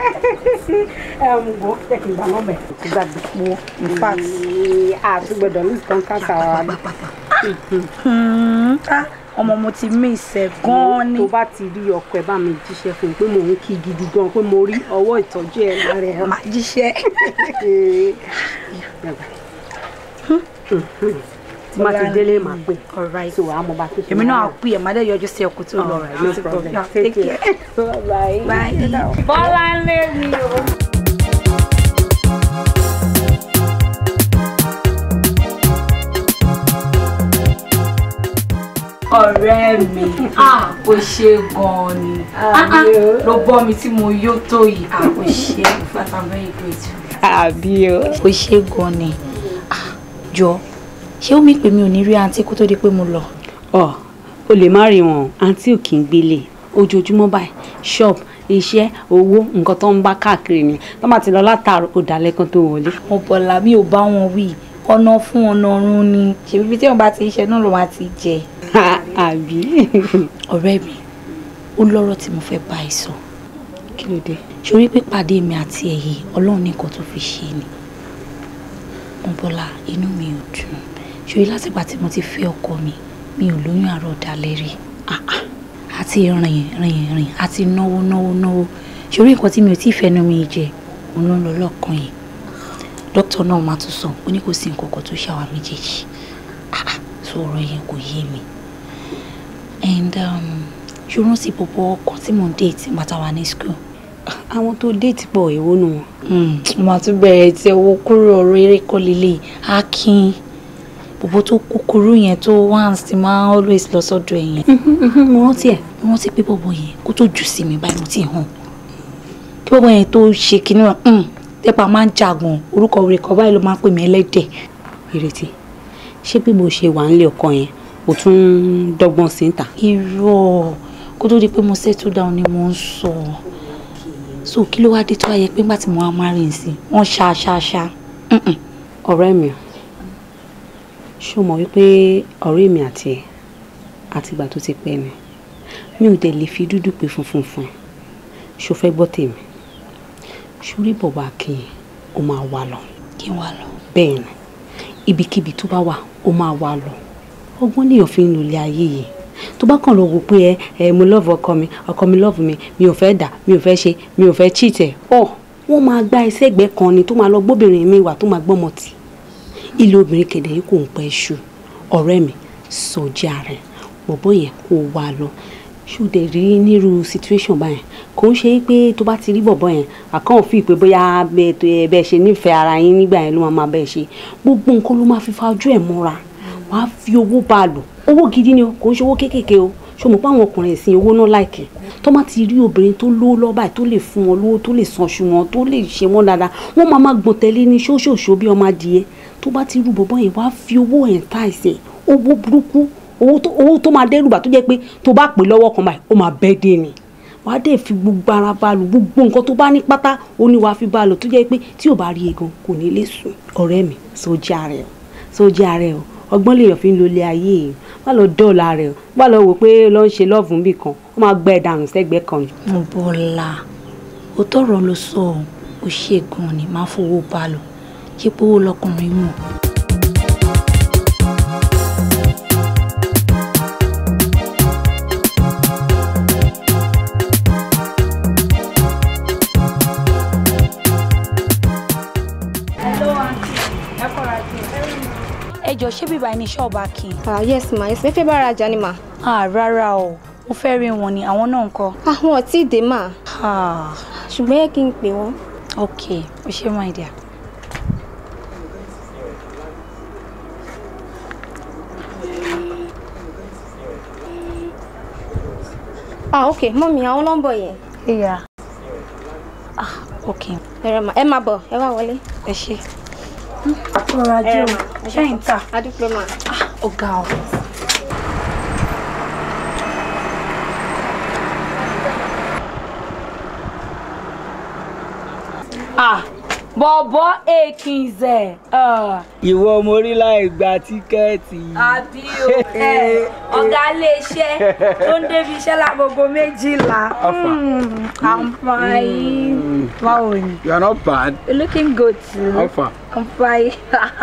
ẹ mo gbọ́ n gbà lọ́mọ ẹ̀. ti gbàgbé mo in fact àtúgbọ̀dọ̀ lùsùn kan kásà wa ọmọ mo ti mí ìsẹ̀ gan ni. tó bá ti rí ọkọ ẹ bá mi jíṣẹ́ fún pé mò ń kí gidi gan pé mo rí ọwọ́ ìtọ́jú ẹ lára ẹ. má jíṣẹ́. tí má ti délé máa pè so wàá mo bá tó ṣe. èmi náà á pè ẹ̀ má dẹ́ yọjú sí ẹkùn tó lọ. no problem take care. bye. bọ́lá ń lé mi o. ọ̀rẹ́ mi ó ṣe gan-an ni ah, ah, ah, ló bọ́ mi tí mo yó tó yìí ó ṣe fata very grateful. àbí o ó ṣe gan-an ni jọ ṣé ó mi pè mí ò ní rí àǹtí kó tó di pé mo lọ. ọ o lè má rí wọn àǹtí ò kì í gbélé ojoojúmọ́ báyìí shop iṣẹ́ owó nǹkan tó ń bá káàkiri ni tó máa ti lọ látàárọ̀ ó dalẹ́ kan tó wọlé. ọ̀bọ̀là mi ò bá wọn wí ọ̀nà fún ọ̀nà ọ̀run ni ṣèbí tí wọn bá ti ṣe náà ló máa jẹ. àbí. ọ̀rẹ́ mi ó lọ́rọ̀ tí mo fẹ́ bá ẹ sọ. kí ló dé. sori pé pàdé mi àti ẹ̀yìn ọlọ́run nìkan tó fi ṣe ni. Bọ́lá inú mi ò dùn ṣòye látìgbà tí mo ti fẹ́ ọkọ mi mi ò lóyún àárọ̀ dalẹ̀ rí àti rìn rìn rìn àti náwó náwó náwó ṣòrí nǹkan tí mi ò tí ì fẹnu mi jẹ òun ló ń lọ lọ́kàn yìí dókítà náà máa tún sàn ó ní kò sí nǹkan kan tó ṣàwà méjèèjì sọ̀rọ̀ yẹn kò yé mi and um, ṣó rántí bọ̀bọ̀ ọkọ tí mò ń déètì bàtà wà ní school. àwọn tó déètì date boy nù wọn. Hmm, mo máa tún bẹ̀rẹ̀ tí owó kúrò ọ̀rọ̀ eré kọ́ lélẹ̀ akin bọ̀bọ̀ tó kúkúrú yẹn tó once ti máa always lọ sọ́dọ̀ ẹ̀yìn. mo rántí ẹ̀ mo rántí pé bọ̀bọ̀ yẹn kó tó jù sí boy báyìí mo ti hàn kí bọ̀bọ̀ yẹn tó ṣe kinní wọn hmm, tẹ́pà máa ń jagun orúkọ òrèkọ báyìí ló máa ń pè mí ẹlẹ́dẹ̀ ìrètí ṣé bí mo ṣe wà ń lé ọkọ o tún dọ́gbọ́n sí ń tà. irọ́ kó tó di pé mo settle down ni mo ń sọ so kí ló wáá dé tó wáyé pé nígbà tí mo wá márùn sí wọn ṣá ṣá ṣá. ọ̀rẹ́ mi ṣó mọ̀ wípé ọ̀rẹ́ mi àti ẹ̀ àtìgbà tó ti pẹ́ ni mi ò dẹ̀ lè fi dúdú pé funfun fún ẹ ṣó fẹ́ gbọ́ tèmi ṣorí bọ̀bọ̀ akin ó máa wà lọ. kí n wà lọ. bẹ́ẹ̀ ni ibikíbi tó bá wà ó máa wà lọ ọgbọ́n lèèyàn fi ń lòlẹ̀ ayé yìí tó bá kàn lọ wò pé ẹ mo lọ́ọ̀fù ọkọ mi ọkọ mi lọ́ọ̀fù mi mi ò fẹ́ dà mi ò fẹ́ ṣe mi ò fẹ́ chìtẹ̀ ọ̀ wọ́n máa gba ẹsẹ̀ ẹgbẹ́ kan ni tó máa lọ gbóbìnrin mi wà tó máa gbọ́mọ tì ilé obìnrin kẹ̀dẹ̀ yìí kò ń pẹ́ ṣu ọ̀rẹ́ mi sọjá rẹ̀ bọ̀bọ̀ yẹn kò wá lọ ṣó dẹ̀ rí nírú situation báyẹn kò ń ṣe pé tó bá ti rí bọ̀bọ̀ yẹn àkànwò fi ìpè bóyá bẹ́ẹ̀ ṣe nífẹ̀ẹ́ ara yín nígbà yẹn ló máa bẹ́ẹ̀ ṣe gbogbo nǹkan ló máa fi fa ojú ẹ̀ mọ́ra wàá fi owó bá a lò owó gidi ni o kò ń ṣe owó kéékèèké o ṣo mọ̀ pé àwọn ọkùnrin ìsìn owó náà láìkẹ́ tó má ti rí obìnrin tó lówó lọ́ba tó lè fún wọn lówó tó lè san ṣu wọn tó lè ṣe wọn dáadáa wọ́n máa máa gbọ̀n tẹ́lẹ̀ ní ṣóṣòṣò bí ọmọ adìyẹ tó bá ti rú bọ̀bọ̀ yẹn wàá fi owó ẹ̀ ta ẹ̀sẹ̀ owó burúkú owó tó máa dẹ́rùbà tó jẹ́ pé tó bá pè lọ́wọ́ kan báyìí ó máa bẹ́ dé ni wàá dẹ̀ fi gbogbo ara bá lò gbogbo nǹkan tó bá ní pátá ó ní wàá fi bá lò tó jẹ́ pé tí ò bá rí egan kò ní lè sùn ọ̀rẹ́ mi sójà rẹ̀ o sójà rẹ̀ o ọgbọ́n lèèyàn fi ń lo ilé ayé yìí má lọ dọ́ọ̀la rẹ̀ má lọ wò pé ló ń ṣe lọ́ọ̀fù níbì kan ó máa gbẹ ìdànù sẹ́gbẹ̀ẹ́ kan. mo bọ́lá o tọrọ ló sọ o ṣe gan ni máa fowó bá lọ ṣé pé owó lọkùnrin mọ̀. ẹjọ ṣé bíbá ẹni ṣọ́ọ̀bù akin. ah yes ma yes fẹ́fẹ́ bá ara jà ni ma. ah rárá o mo fẹ́ rí wọn ni àwọn náà ń kọ́. àwọn ah, ò tí mà. Ah. ṣùgbọ́n yẹ kí n pè wọ́n. ok o ṣe mọ ìdíyà. ah ok mọ́mí àwọn ló ń bọ̀ yẹn. ìyá ah ok. ẹ máa bọ̀ ẹ wá wọlé. ẹ ṣe ọ̀rọ̀ ajé o ṣẹ́yìn ta ọ̀gá o. ah bọ̀bọ̀ èkìnzẹ̀. Ah. ìwọ mo rí láì gba tíkẹ́ẹ̀tì. àbí o eh, ọ̀gá iléeṣẹ́ tó ń débi iṣẹ́ lágogo méjìlá. Hmm, I'm fine. Hmm. báwo ni. you are not bad. you looking good too. ọfà. I'm fine.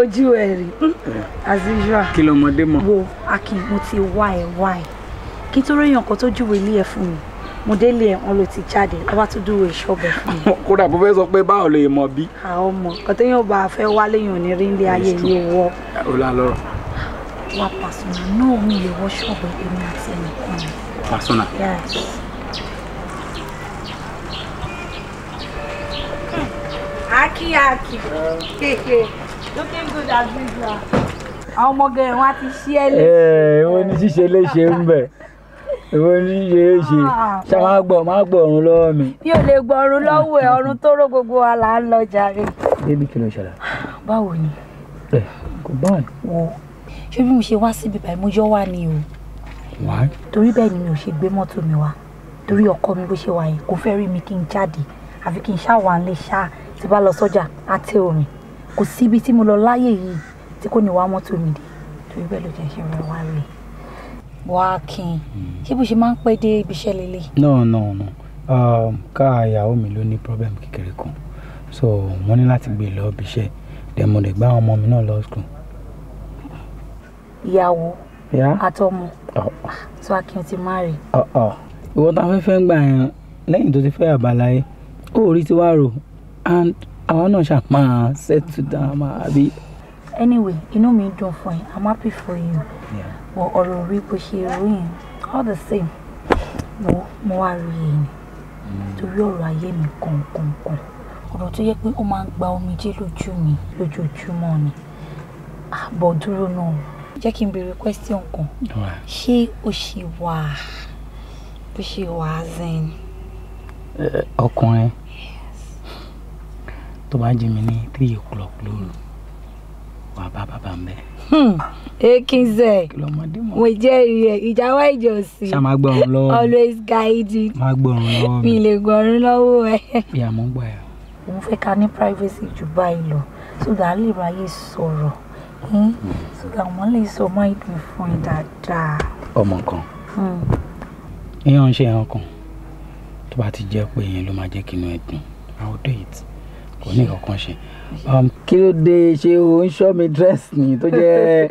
ojú ẹ̀ rí hmm, eh. as usual. kí lọmọdé mọ̀. wo Akin mo ti wá ẹ̀ wá ẹ̀ kí n tó rí èèyàn kan tó júwèé ilé ẹ̀ fún mi mo délé wọn ló ti jáde lọba tó dúró ìṣọbẹ fún mi. kódà bó fẹ́ sọ pé báwo lè mọ bí. àwọn ọmọ kan tó yóò bá a fẹ́ wá léyìn òní rí ilé ayé yìí wọ. ó là lọ́rọ̀. wà pàṣọnà náà mi lè wọ ṣọ́ọ̀bù èmi àti ẹnìkan mi. pàṣọnà. aki aki keke looking good as usual. àwọn ọmọ gẹ̀rẹ́ wọn á ti ṣí ẹ léṣe. ẹ ẹ wọn ní ṣíṣe léṣe ń bẹ èwo ní ṣe é ṣe ṣe máa gbọ́ máa gbọ́ ọ̀run lọ́wọ́ mi. mi ò lè gbọ́ ọ̀run lọ́wọ́ ẹ̀ ọ̀run tó ró gbogbo wa là ń lọ jàre. débi kí ṣẹlẹ̀. báwo ni. ẹ kò bá ẹ. wo ṣé bí mo ṣe wá síbi báyìí mo yọ wá ni o. wáá. torí bẹ́ẹ̀ ni mi ò ṣe gbé mọ́tò mi wá torí ọkọ mi bó ṣe wà yẹn kò fẹ́ rí mi kí n jáde àfi kí n ṣàwà ńlẹ̀ ṣá ti bá lọ sọ́jà àti orin kò síbi tí mo lọ láyè yìí tí kò ní wá mọ́tò mi dé torí bẹ́ẹ̀ ló jẹ́ ṣe rẹ̀ wá rèé wákìn hmm. ṣé bó ṣe máa ń pẹ́ dé ibi iṣẹ́ lélẹ̀. no no no um, ká ìyàwó mi ló ní problem kékeré kan so wọ́n ní láti gbé e lọ ibi iṣẹ́ dẹ̀ mo lè gbá àwọn ọmọ mi náà lọ school. ìyàwó àtọmọ tó oh. akin ti má rè. Oh, oh. ìwọ ta fẹ́fẹ́ gbà yẹn lẹ́yìn tó ti fẹ́ àbáláyé ó rí tiwa rò and àwa náà ṣáà máa settle down máa bí. anyway inú mi dùn fún ẹ i'm happy for you. Yeah wọ ọ̀rọ̀ orí bó ṣe rí yẹn all the same mo wá rí i ni mm. torí ọ̀rọ̀ ayé mi kọ̀ọ̀kọ̀ọ̀kan ọ̀rọ̀ tó yẹ pé ó máa ń gba omijé lójú mi lójoojúmọ́ ni àbọ̀ dúró náà jẹ́ kí n béèrè question kan ṣé o ṣì wà bó ṣe wà á zen. ọkùnrin tó bá jí mi ní three o'clock lóru wà bá bàbá mi ekinze hmm. mo jẹ́rìí ẹ ìjáwá ìjọsìn ṣá máa gbọ́rùn always guiding. máa gbọ́rùn lọ́wọ́ mi lè gbọ́rùn lọ́wọ́ ẹ. ìyá mo fẹ́ ká ní privacy jù báyìí lọ sódà á lè ráyè sọ̀rọ̀ hmm? sódà wọ́n lè sọ ọmọ ìdùn fún ẹ dáadáa. ọmọ kan hmm. ìyẹn ń ṣe ẹran kan tó bá ti jẹ́ pé ìyẹn ló máa jẹ́ kí inú ẹ dùn i will do it kò ní kankan ṣe um, kí ló dé ṣé o ń ṣọ́ mi dress ni tó jẹ́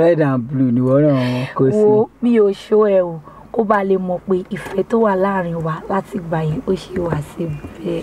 red and blue ni wọ́n náà kó sí. wo mi ò ṣó ẹ o kó bá lè mọ̀ pé ìfẹ́ tó wà láàrin wa láti gbà yẹn ó ṣe wà síbẹ̀. ìyá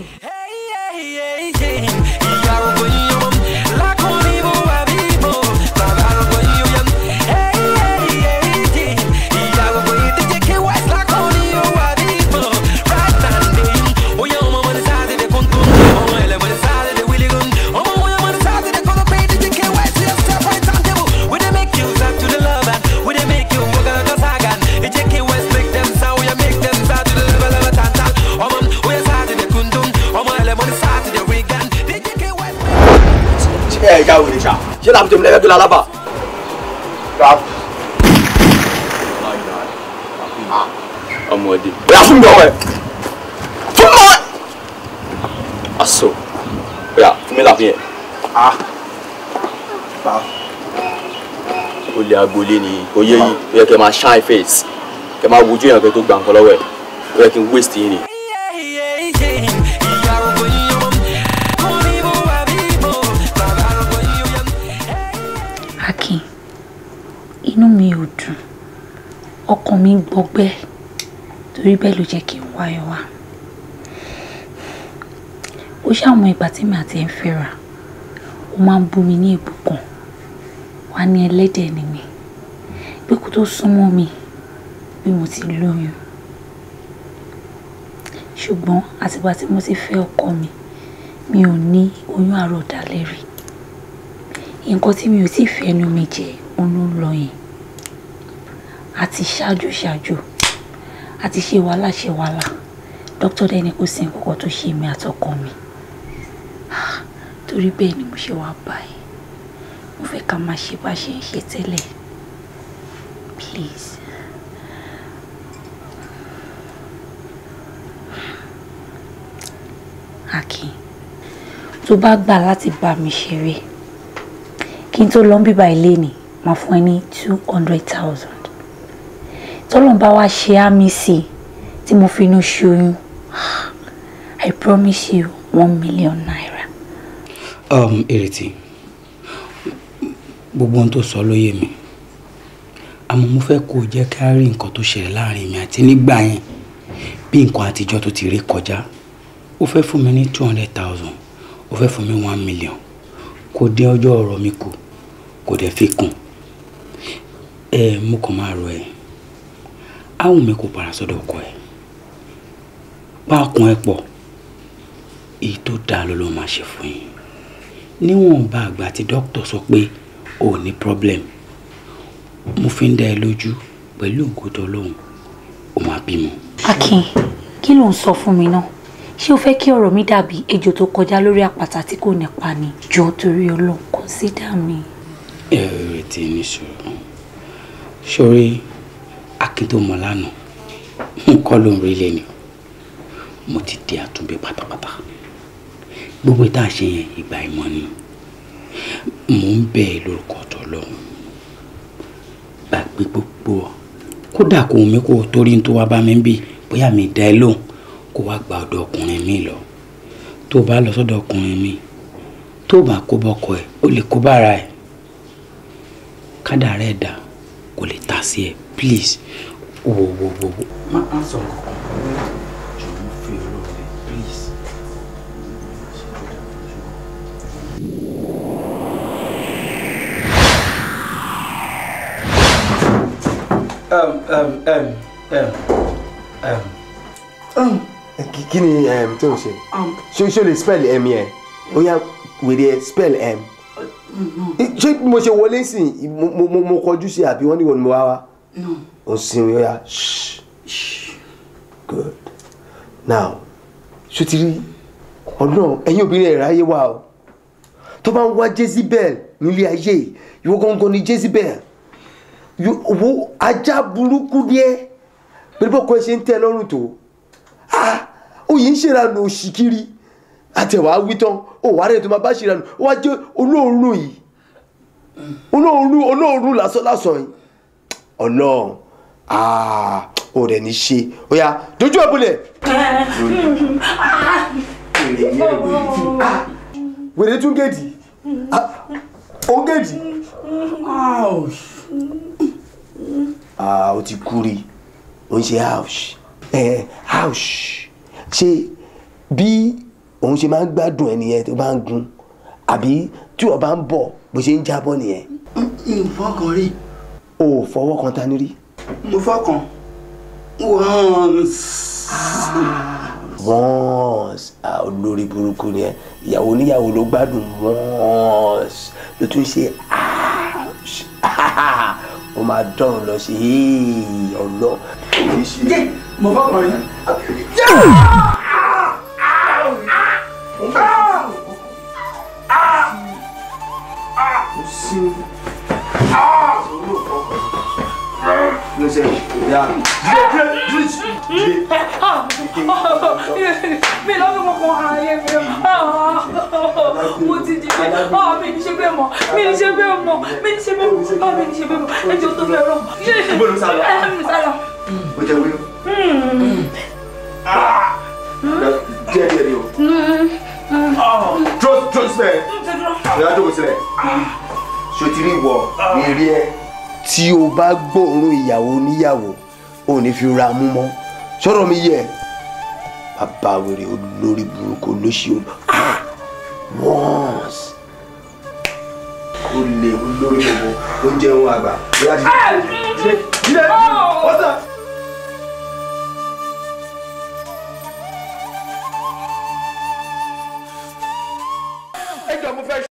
ẹ ìjà wèrè ṣá ṣé làbùtò mi lẹ́gbẹ̀ẹ́ lálábà. ọmọdé bóyá fún ah, ọwọ́ ẹ fún mi ọwọ́ ẹ. aso bóyá fún ah, làfin yẹn. olè agbolé ni oyè yìí ó yẹ kẹ́ máa shine face kẹ́ máa wojú yẹn kẹ́ tó gbà nǹkan lọ́wọ́ ẹ̀ ó yẹ kí n waste yín ni. inú mi ò dùn ọkàn mi gbọgbẹ́ torí bẹ́ẹ̀ ló jẹ́ kí n wá ẹ wá ó ṣàwọn ìgbà tí mi àti ẹ̀ ń fẹ́ra ó máa ń bú mi ní ìbùkún wá ní ẹlẹ́dẹ̀ ni mi pé kó tó súnmọ́ mi bí mo ti lóyún ṣùgbọ́n àtìgbà tí mo ti fẹ́ ọkọ mi mi ò ní oyún àròdálẹ̀ rí nǹkan tí mi ò tí ì fẹ́ ẹnu mi jẹ òun ló ń lọ yẹn àti ṣáájú ṣáájú àti ṣe wàhálà ṣe wàhálà dókítà dẹ́ ni kò sí nǹkan tó ṣe mí àtọkọ mi ah, torí bẹ́ẹ̀ ni mo ṣe wá báyìí mo fẹ́ ká máa ṣe bá ṣe ń ṣe tẹ́lẹ̀ please. Akin tó bá gbà láti bá mi ṣeré kí n tó lọ bíbá ilé ni màá fún ẹ ní two hundred thousand tọ́lọ́n bá wá ṣe á mi sí i tí mo fi inú ṣe oyún i promise you one million naira. Um, Ìrètí gbogbo ohun tó sọ ló yé mi àmọ́ mo fẹ́ kó o jẹ́ ká rí nǹkan tó ṣẹlẹ̀ láàrin mi àti nígbà yẹn bí nǹkan àtijọ́ tó ti rí kọjá ó fẹ́ fún mi ní two hundred thousand ó fẹ́ fún mi one million kò dín ọjọ́ ọ̀rọ̀ mi kù kò dẹ̀ fi kún ẹ mo kàn máa rọ ẹ áwùn mi kò para sọ́dọ̀ ọkọ ẹ̀ bá ọkàn ẹ pọ̀ èyí tó dáa ló ló máa ṣe fún yín níwọ̀n bá àgbà tí dókítà sọ pé o ò ní problem mo fi ń dá ẹ lójú pẹ̀lú ògùdọ̀ ọlọ́run o máa bímọ. akin kí ló ń sọ fún mi náà ṣé o fẹ́ kí ọ̀rọ̀ mi dàbí ejò tó kọjá lórí àpáta tí kò nípa ni jọ torí ọlọ́run consider mi. ẹ ẹ retí ní sọ̀rọ̀ sọ̀rọ̀ akíntómọlánà nǹkan ló ń rí lẹ́nu mo ti di àtúnbí pátápátá gbogbo tá a ṣe yẹn ìgbà ìmọ̀ ni mò ń bẹ̀ ẹ́ lórúkọ ọ̀tọ̀ lọ́hùn gbàgbé gbogbo ọ kódà kò mí kó torí tó wá bá mi ń bì bóyá mi dá ẹ lóhùn kó wá gba ọ̀dọ̀ ọkùnrin mi lọ tó o bá lọ sọ́dọ̀ ọkùnrin mi tó o bá kó bọ́kọ ẹ o lè kó bára ẹ kádàrá ẹ dá kò lè ta sí ẹ please wò wò wò wò. má a sọ kankan jọ̀wọ́ fi ọ̀rọ̀ rẹ̀ Um, um, um, um, um. Um. Eh, kí ni um, tí um. spell m yẹn ó yá the spell m uh, mm, mm. ṣé mo ṣe wọlé sí i mo kọjú sí No. O sinmi oya shh shh good now sotiri ọlọ́run ẹ̀yin obìnrin ẹ̀rọ ayé wa o tó Wow. ń wá Jezebel nílé You're going to ni Jezebel You. wo ajá burúkú díẹ̀ pẹ̀lú bọ́kọ ẹ ṣe ń tẹ́ lọ́rùn tó ah òyì ń ṣèrànù òṣìkiri àtẹ̀wá Oh, tán ó wàá rẹ̀ tó Oh no, ṣèrànù ó wá no. Oh no, olóòórùn olóòórùn lásán lásán yìí ọlọ́run ah, ó rẹ̀ ní ṣe ó yá dojú ọ̀bùlẹ̀. Ah, wèrè tún gèdì ah, ó gèdì ó ti kúri ó ń ṣe house eh, ṣe bí òun ṣe máa ń gbádùn ẹnìyẹn tó bá ń gun àbí tí o bá ń bọ̀ bó ṣe ń jábọ́ nìyẹn. nǹkan kan rí i o ò fọwọ́ kan ta ní rí. mo fọkàn once. once olórí burúkú ni ẹ ìyàwó oníyàwó ló gbádùn once ló tún ṣe ó máa dán lọ sí ọlọ. jẹ́ mo fọkàn yẹn. Thank you. No sé, ya. Mi lọ bí mo kàn ara yẹn mi o. Mo ti di pé ọ̀ mi ní ṣe bẹ́ẹ̀ mọ̀, mi ní ṣe bẹ́ẹ̀ mọ̀, mi ní ṣe bẹ́ẹ̀ mọ̀, ọ̀ mi ní ṣe bẹ́ẹ̀ mọ̀, ẹ jẹ́ o tó fẹ́ rọ. Ibo ló sá lọ? Ẹ mi sá lọ. O jẹ wíwú. Díẹ̀ díẹ̀ ni o. Dúró dúró sílẹ̀. Ìyá jókòó sílẹ̀. Ṣé o ti tí o bá gbóòórùn ìyàwó níyàwó ò ní fi ra mú mọ́ sọ̀rọ̀ mi yẹ bàbá wèrè olórí burúkú olóṣì ah once o olórí gbogbo ó jẹun àgbà bóyá ah! jíjẹ jíjẹ ọ̀sán. Oh! ẹ jọ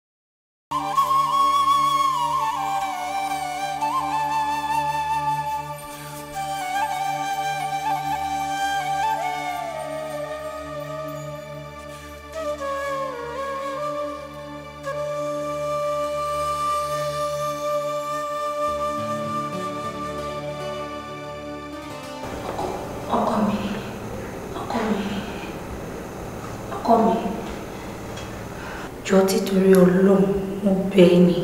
torí ọlọ́run mo bẹ̀ ẹ́ ni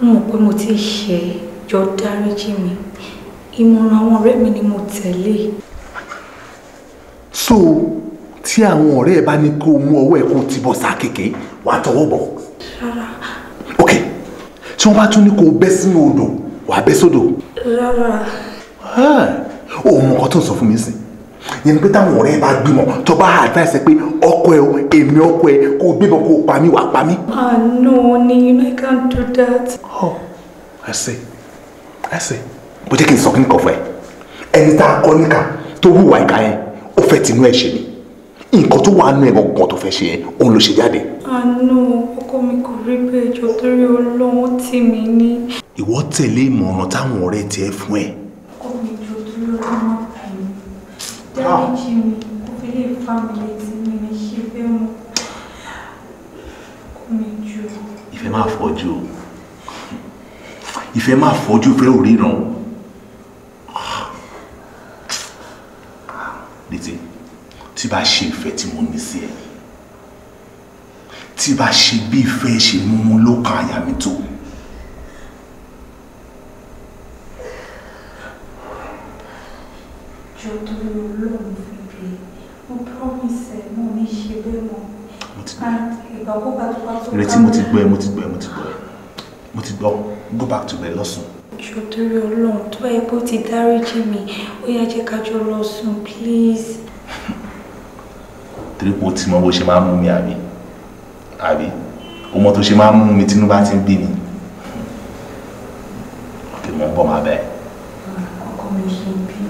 mo mọ̀ pé mo ti ṣe jọ dáríjì mi ìmọ̀ràn àwọn ọ̀rẹ́ mi ni mo tẹ̀lé. so tí àwọn ọ̀rẹ́ ẹ bá ní kó mú ọwọ́ ẹ̀ kó ti bọ̀ sáà kéèké wàá tọwọ́ bọ̀. rárá. ok tí wọ́n bá tún ní kó bẹ́ sínú odò wàá bẹ́ sódò. rárá. ó mọ tó ń sọ fún mi sìn yẹn ni pé táwọn ọ̀rẹ́ bá gbìmọ̀ tó bá advice pé ọkọ ẹ o èmi ọkọ ẹ kó o gbébọn kó o pa mí wàá pa mí. ah no ni I can't do that. oh I see I see bó jẹ́ kí n sọ kí n kọ̀ fún ẹ ẹni tá a kọ́ níkà tó hùwà ìka yẹn ó fẹ́ tinú ẹ̀ ṣe ni nǹkan tó wà nú ẹ̀ gbọ̀ngàn tó fẹ́ ṣe yẹn òun ló ṣe jáde. ah no ọkọ mi kò rí bẹ́ẹ̀ jọ torí olówó tì mí ní. ìwọ tẹ̀lé ìmọ̀ràn táwọn ọ̀rẹ́ tiẹ̀ fún ẹ. ọkọ mi jọ torí olówó dáríjì mi kò fi lè fa mi létí mi ní ṣe fẹ́ mu kú mi jù. ìfẹ́ máa fọ́jú o ìfẹ́ máa fọ́jú ìfẹ́ ò ríran létí tí bá ṣe ìfẹ́ tí mo ní sí ẹ tí bá ṣe bí ìfẹ́ ṣe mú mú ló kan àyà mi tó. jọ torí olóòrùn fèbè mo promise ẹ mo ní ṣe bẹ́ẹ̀ mọ́ and ìgbàkúgbà tó bá tó bá mi. retí mo ti gbọ́ ẹ mo ti gbọ́ ẹ mo ti gbọ́ ẹ mo ti gbọ́ go back to bed lọ́sùn. jọ torí olóòrùn tó bá yẹ kó ti dáríjì mi ó yá jẹ́ ká jọ lọ sùn please. torí pé o ti mọ bó ṣe máa ń mú mi àbí àbí o mọ to ṣe máa ń mú mi tínú bá ti ń bí mi kí mo ń bọ̀ máa bẹ́ẹ̀. ọkọ mi ṣe bí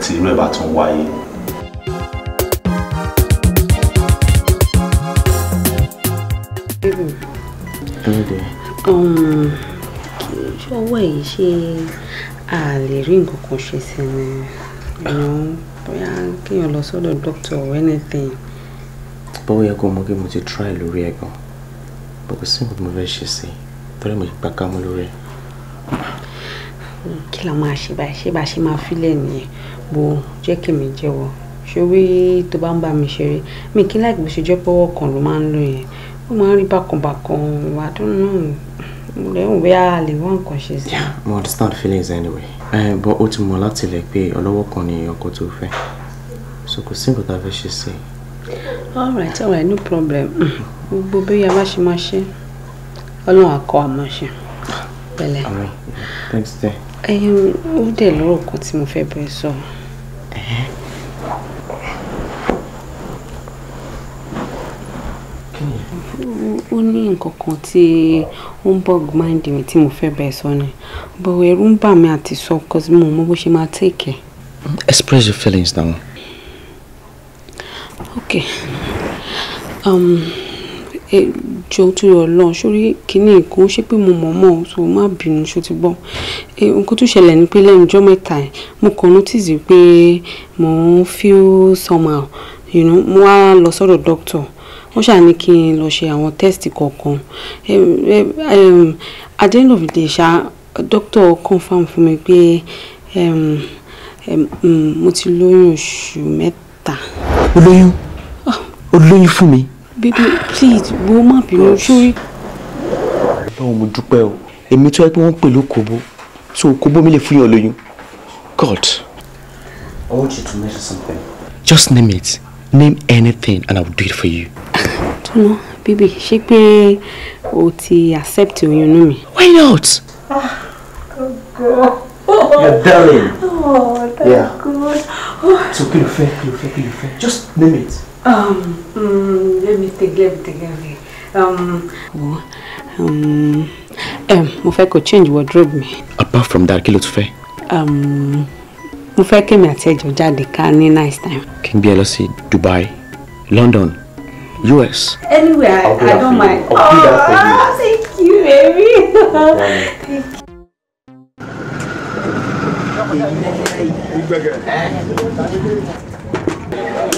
tí irú ẹ̀ bá tún wáyé. ṣọwọ́ um, yìí ṣe a lè rí nǹkan kan ṣe sí ni bóyá kéèyàn lọ sọ́dọ̀ doctor or anything bọ́wọ́ yẹ kó mọ kí mo ti try lórí ẹ̀ gan bọ̀ kò sí nǹkan tí mo fẹ́ ṣe sí torí mo gbà ká mọ́ lórí ẹ̀. kí la máa ṣe báyìí ṣé bá ṣe máa fílẹ̀ nìyẹn bó jẹ́ kí mi jẹ́wọ́ ṣòwé tó bá ń bá mi ṣeré mi kí láì bó ṣe jẹ́ pọ́wọ́ kan ló máa ń lò yẹn ó máa ń rí bákanbákan wà tó nù mo lẹ́hùn bí a lè wá nǹkan ṣe sí. mo understand feelings anyway eh, bọ́ ó ti mọ̀ láti lẹ̀ pé ọlọ́wọ́ kan ni ọkọ tó fẹ́ so kò sí nǹkan tá a fẹ́ ṣe sí i all right all right no problem gbogbo bóyá má ṣe má ṣe ọlọ́run akọ àmọ́ ṣe pẹ̀lẹ́ ẹyin ó dẹ̀ lọ́rọ̀ kan tí mo fẹ́ bẹ́ẹ̀ sọ. ó ní nǹkan kan tí ó ń bọ̀ mind mi tí mo fẹ́ bẹ́ẹ̀ sọ ni but ẹ̀rù ń bà mí àti sọ because mo mọ bó ṣe máa take express your feelings now. okay. E, jọ tó yọ lọ sórí kínní nǹkan ṣé pé mo mọ̀ mọ́ tó má bínú ṣó ti gbọ́ e, nǹkan tó ṣẹlẹ̀ ni pé lẹ́yìn ọjọ́ mẹ́ta ẹ̀ mo kàn notice pé mo ń feel somehow you know mo wá lọ sọ́dọ̀ doctor wọ́n ṣáà ní kí n lọ ṣe àwọn test kọ̀ọ̀kan e, at the end of the day ṣá doctor confirm fún mi pé mm, mo ti lóyún oṣù mẹ́ta. olóyún ah. olóyún fún mi baby please wo má bínú sórí. ọlọ́run mo dúpẹ́ o èmi tó yẹ pé wọ́n pè ló kóbó so kóbó mi lè fún yàn lóyún god. I want you to measure something. Just name it. Name anything and I will do it for you. Tuna, baby, ṣé pé o ti accept oyún inú mi? Why not? Ah, oh God. You're darling. Oh, thank yeah. God. Oh. So kí lo fẹ́, kí lo fẹ́, kí lo fẹ́. Just name it. Um, um, let me think, let me think, let me think. Um, oh, um, um, mo fẹ́ kó change wardrobe mi. Apart from that, kilo ló tún Um, mo fẹ́ kí mi àti ẹ̀jọ̀ jáde ká ní nice time. Kí n gbé ẹ lọ Dubai, London, US. Anywhere, I, I don't mind. I'll oh, do that for you. Oh, thank you, baby. thank you.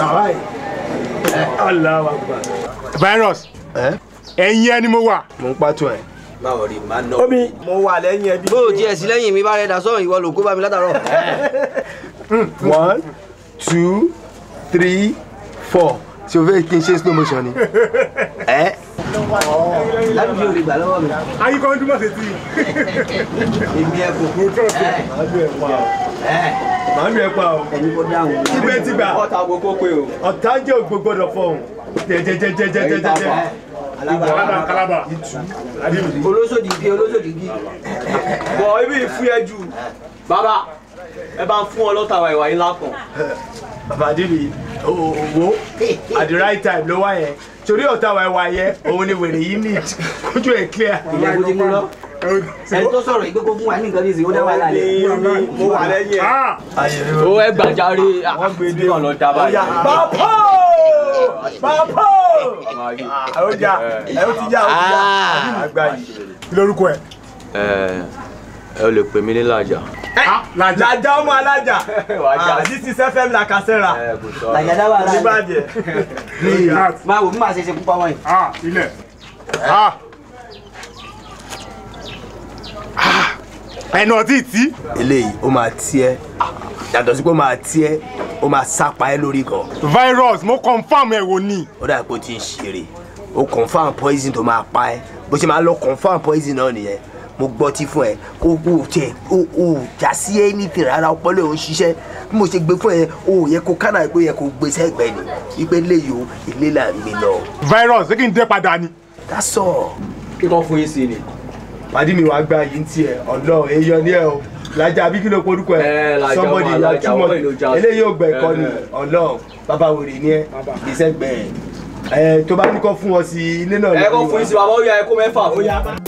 Bàbá yìí virus eh? ẹ̀yin ẹni mo wà. mo ń pàtó ẹ. báwo rí màá nọ. omi mo wà lẹ́yìn ẹbí. bó o jí ẹ sí mi bá rẹ dà sọ́run ìwọ ló kó bá mi látàárọ̀. one two three four ṣé o fẹ́ kí n ṣe slow motion ni. ẹ. ládùúgbò ò lè gbà lọ́wọ́ mi. ayé kan dúmọ̀ sí ti. èmi ẹ kò. mo tọ́ sí ẹ. màálù ẹ pa o. ẹni kò dáhùn. ibẹ̀ ti ọ̀tá gbogbo pé o. ọ̀tá jẹ́ ògbó gbọ́dọ̀ fọ̀hún. jẹjẹjẹjẹjẹjẹjẹ. Alaba Alaba olóṣòdì gé olóṣòdì gé. Bọ̀ ibi ìfún ẹ jù. Bàbá ẹ bá fún ọ lọ́tàwá ìwà lápọ̀. Bàbá Adébíyí owó at the right time ló wá yẹn torí ọ̀tá wa wa yẹ òun ni wèrè yìí need kójú ẹ̀ clear. ilẹ̀ ìwé ti mú lọ ẹni tó sọ̀rọ̀ ìgbé gbogbo wa ní nǹkan nísìnyí ó dá wàhálà lẹ̀. mo wà lẹ́yìn ẹ̀. Ah! ó ẹ gbàjáre àkọsílẹ̀ ah, lọ dábàá yẹn. bàbá bàbá ẹ ah, ó jà eh. ẹ ó ti jà ó ti jà àgbà yìí kí lórúkọ ẹ. Eh ẹ lè pè mí ní làjà. làjà ọmọ alájà ah, this is fm làkàṣẹ́ra làjà dábàá alájà nígbàjẹ́. máa wò bí màá ṣe ṣe púpọ̀ wọ̀nyí. ilẹ̀ ẹnu ọtí ti. eléyìí ó máa tí ẹ yàtọ̀ sí pé ó máa tí ẹ ó máa sápa ẹ lórí gan. virus mo confam ẹ wo ni. ó dà pé o ti ń ṣeré o confam poison tó máa pa ẹ bó ṣe máa lọ confam poison náà nìyẹn mo gbọ́ tí fún ẹ o ò tẹ o ò já sí anything rárá ọpọlọ ò ń ṣiṣẹ́ bí mo ṣe gbé fún ẹ o yẹ kó kánà ìgbó yẹ kó gbé sẹ́gbẹ̀ẹ́ ni wípé léyìí o ilé là ń gbé lọ. virus kí n dé padà ni. that's all. kíkọ́ fún yín sí ni pàdé mi wàá gba yìí ń tiẹ̀ ọ̀dọ́ èèyàn ni ẹ o lajà àbí kí ló porúkọ ẹ somebody yọ túmọ̀ eléyìí ò gbẹ̀ kọ́ ni ọ̀dọ́ bàbá wèrè ni ẹ gbé sẹ́gbẹ̀ẹ́ ẹ tó bá ní kọ́ fún ọ sí ilé náà. ẹ kọ́ fún yín sí bàbá ó yá ẹ kó mẹ́fà fún yín.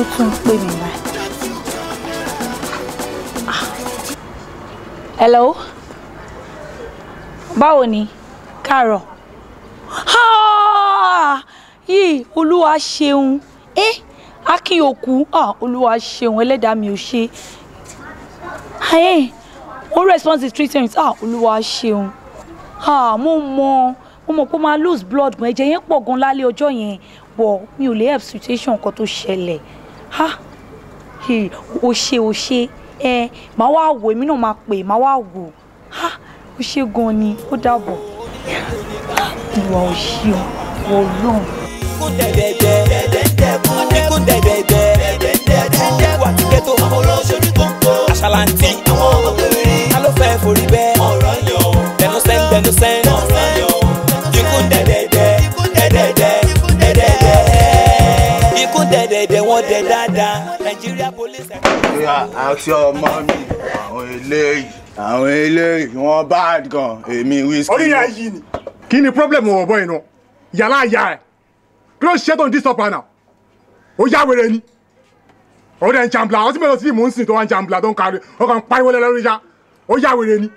ló tún ń pè mí báyìí. Ah. hello báwo ni káàárọ̀ ah! yìí olúwa ṣeun eh akin òkú ah, olúwa ṣeun ẹlẹ́dàá mi ò ṣe ó response is treatment ah olúwa ṣeun ah mo mọ mo mọ pé máa lose blood gan ẹ̀jẹ̀ yẹn pọ̀ gan lálẹ́ ọjọ́ yẹn wọ̀ mi ò lè help situation kan tó ṣẹlẹ̀ ha o ṣe o ṣe ẹ màá wá wò èmi náà máa pè màá wá wò ha o ṣe gan ni ó dàbọ̀ ìwà ò ṣe ọ ọlọ́run. kú dẹ̀dẹ̀dẹ̀ dẹ̀dẹ̀dẹ̀ kú dẹ̀dẹ̀dẹ̀ dẹ̀dẹ̀dẹ̀ wà kíkẹ́ tó ọmọ olóṣèlú tó ń kó. àṣàlàntì. ọtí ọmọ mi àwọn eléyìí àwọn eléyìí wọn bad gan èmi wíṣkì. orí yà yìí ni. kí ni problem wọ̀ bọ́ iná yàrá àyà ẹ̀ kí ló ṣe tó ń disturb ana ó yá wèrè ni ó dẹ̀ ń jàǹbla ọtí mélòó sí ìmú ń sìn tó wá ń jàǹbla tó ń kárí ó kàn ń pariwo lẹ́lẹ́rú ya ó yá wèrè ni.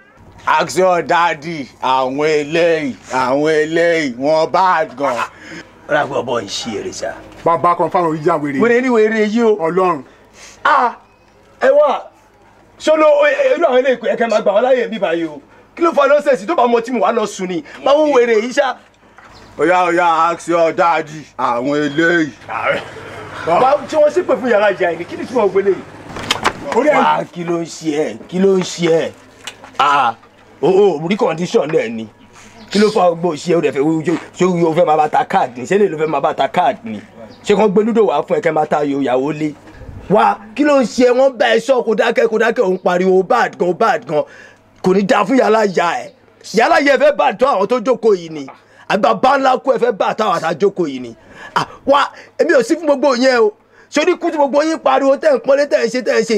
axial dadi àwọn eléyìí àwọn eléyìí wọn bad gan. ọ̀rọ̀ àgbọ̀ bọ̀ ń ṣe eré sá. bàbá kan fáwọn orí yà wèrè. wèrè ni wèrè yìí o. ọlọ́run. ah ẹ wà ṣọlọ irú àwọn eléyìí ẹ̀kẹ́ máa gbà wọ́n láyè mi báyìí o kí ló fa nọ́sẹ̀sì tó bá mọ tí mo wà lọ sùn ni máa ń wèrè yìí ṣá. oya oya ask your daddy àwọn eléyìí. bá tí wọ́n ṣépè fún yàrá ìjà ẹni kí ni tí wọ́n gbélé yìí. wá kí ló ń ṣe ẹ kí ló ń ṣe ẹ o rí condition náà ni kí ló fa gbogbo òṣìṣẹ́ rẹ̀ fẹ́ ṣé o fẹ́ máa bá ta káàdì ṣé lè ló fẹ́ máa bá ta káàdì ni ṣé kàn gbé lúdò wá fún ẹ kẹ́ máa ta yòyàwó lé wá kí ló ń ṣe wọ́n bá ẹ sọ kó dákẹ́ kó dákẹ́ òun pariwo bad gan bad gan kò ní da fún yàrá ya ẹ yàrá yẹ fẹ́ bá tọ́ àwọn tó jókòó yìí ni àgbà bá ńlá kú ẹ fẹ́ bá táwọn àtàjókòó yìí ni wá èmi ò sí fún gbogbo yẹn o sórí kú tí gbogbo yín pariwo tẹ̀ ń pọ́nlé tẹ̀ ń ṣe tẹ̀ ń ṣe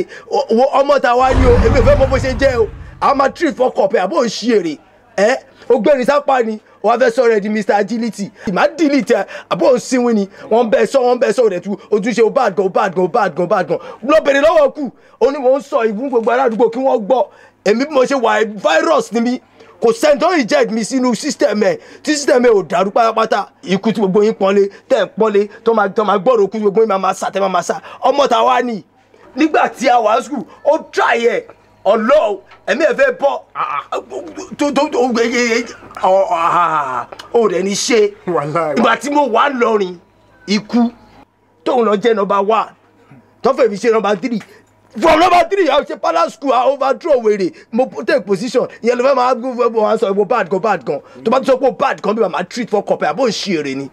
wo ọmọ ta wá ní o èmi ò fẹ́ mọ bó ṣe jẹ́ o àwọn máa tírì fọkọ̀ pẹ̀ àbó ń ṣe èrè ẹ ogbẹ́rin sápá ni wọ́n fẹ́ sọ̀rọ̀ ẹ̀ di mr agility ìmá delete ẹ̀ àbọ̀ ń sinwi ni wọ́n bẹ sọ wọ́n bẹ sọ rẹ̀ tu ojúṣe o bad gan o bad gan o bad gan o bad gan lọ bèrè lọ́wọ́ kù ó ní mò ń sọ ìfún gbogbo aládùúgbò kí wọ́n gbọ́ èmi bí mo ṣe wà virus ni mí kò sẹ́ni tó reject mi sínú system ẹ̀ tí system ẹ̀ ò dàrú pátápátá ikú tí gbogbo yín pọ́nlé tẹ̀ ń pọ́nlé tó máa tó máa gbọ́rọ̀ kú gbogbo yín máa máa sà tẹ́ máa máa sà ọmọ tàwa ni nígbà tí a wà á sùkúl ó try ẹ̀ ọlọ ẹmí ẹ fẹ́ bọ ah, ah. tó tó tó ó rẹ ní ṣe ìgbà tí mo wà lọrin ikú tóun lọ jẹ nọmba one tọfẹ mi ṣe nọmba three from nọmba three àwọn ṣe palace school I overthrow wèrè mo take position ìyẹn ló fẹ́ máa gbọ́ wọn sọ ìwọ bad gan bad gan tó bá ti sọ pé bad gan bí màmá treat for cup ẹ̀ àbó ń ṣe ni.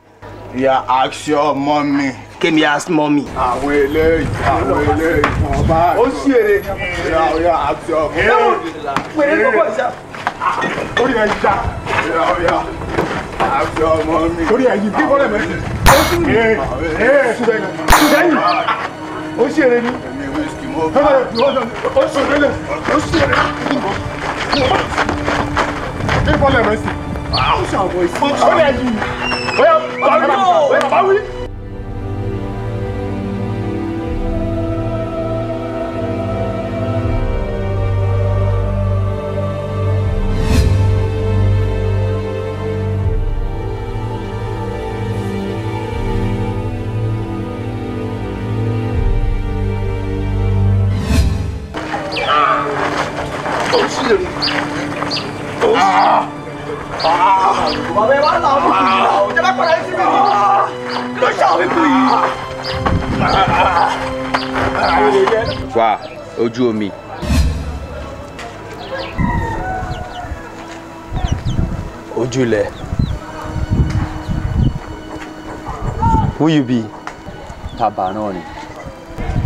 Yeah, ask your mommy. Can Kémi ask mommy. Àwọn eléyìí, àwọn eléyìí. Ó Oh shit, Yeah, yeah, ask your mommy. Ẹ̀wọ̀n pèrè lọ́kọ̀ ìjà. Orí ẹ̀ já. Yeah, yeah, ask your mommy. Orí ẹ̀ yìí, bí bọ́lẹ̀ mẹ́rin. Ó sì ń bẹ̀rẹ̀. Ẹ̀ ṣùgbẹ́yìn. Ṣùgbẹ́yìn. Ó ṣí èrè ni. Ẹ̀mi Oh shit, bá. Ó ṣí èrè. Ó ṣí èrè. Bí bọ́lẹ̀ mẹ́rin. Ó ṣàwọ̀ ìsìn. Ó lẹ̀ yìí. 加油！加油！ojú omi. Ojúlẹ̀. Who you be? Tàbá náà ni.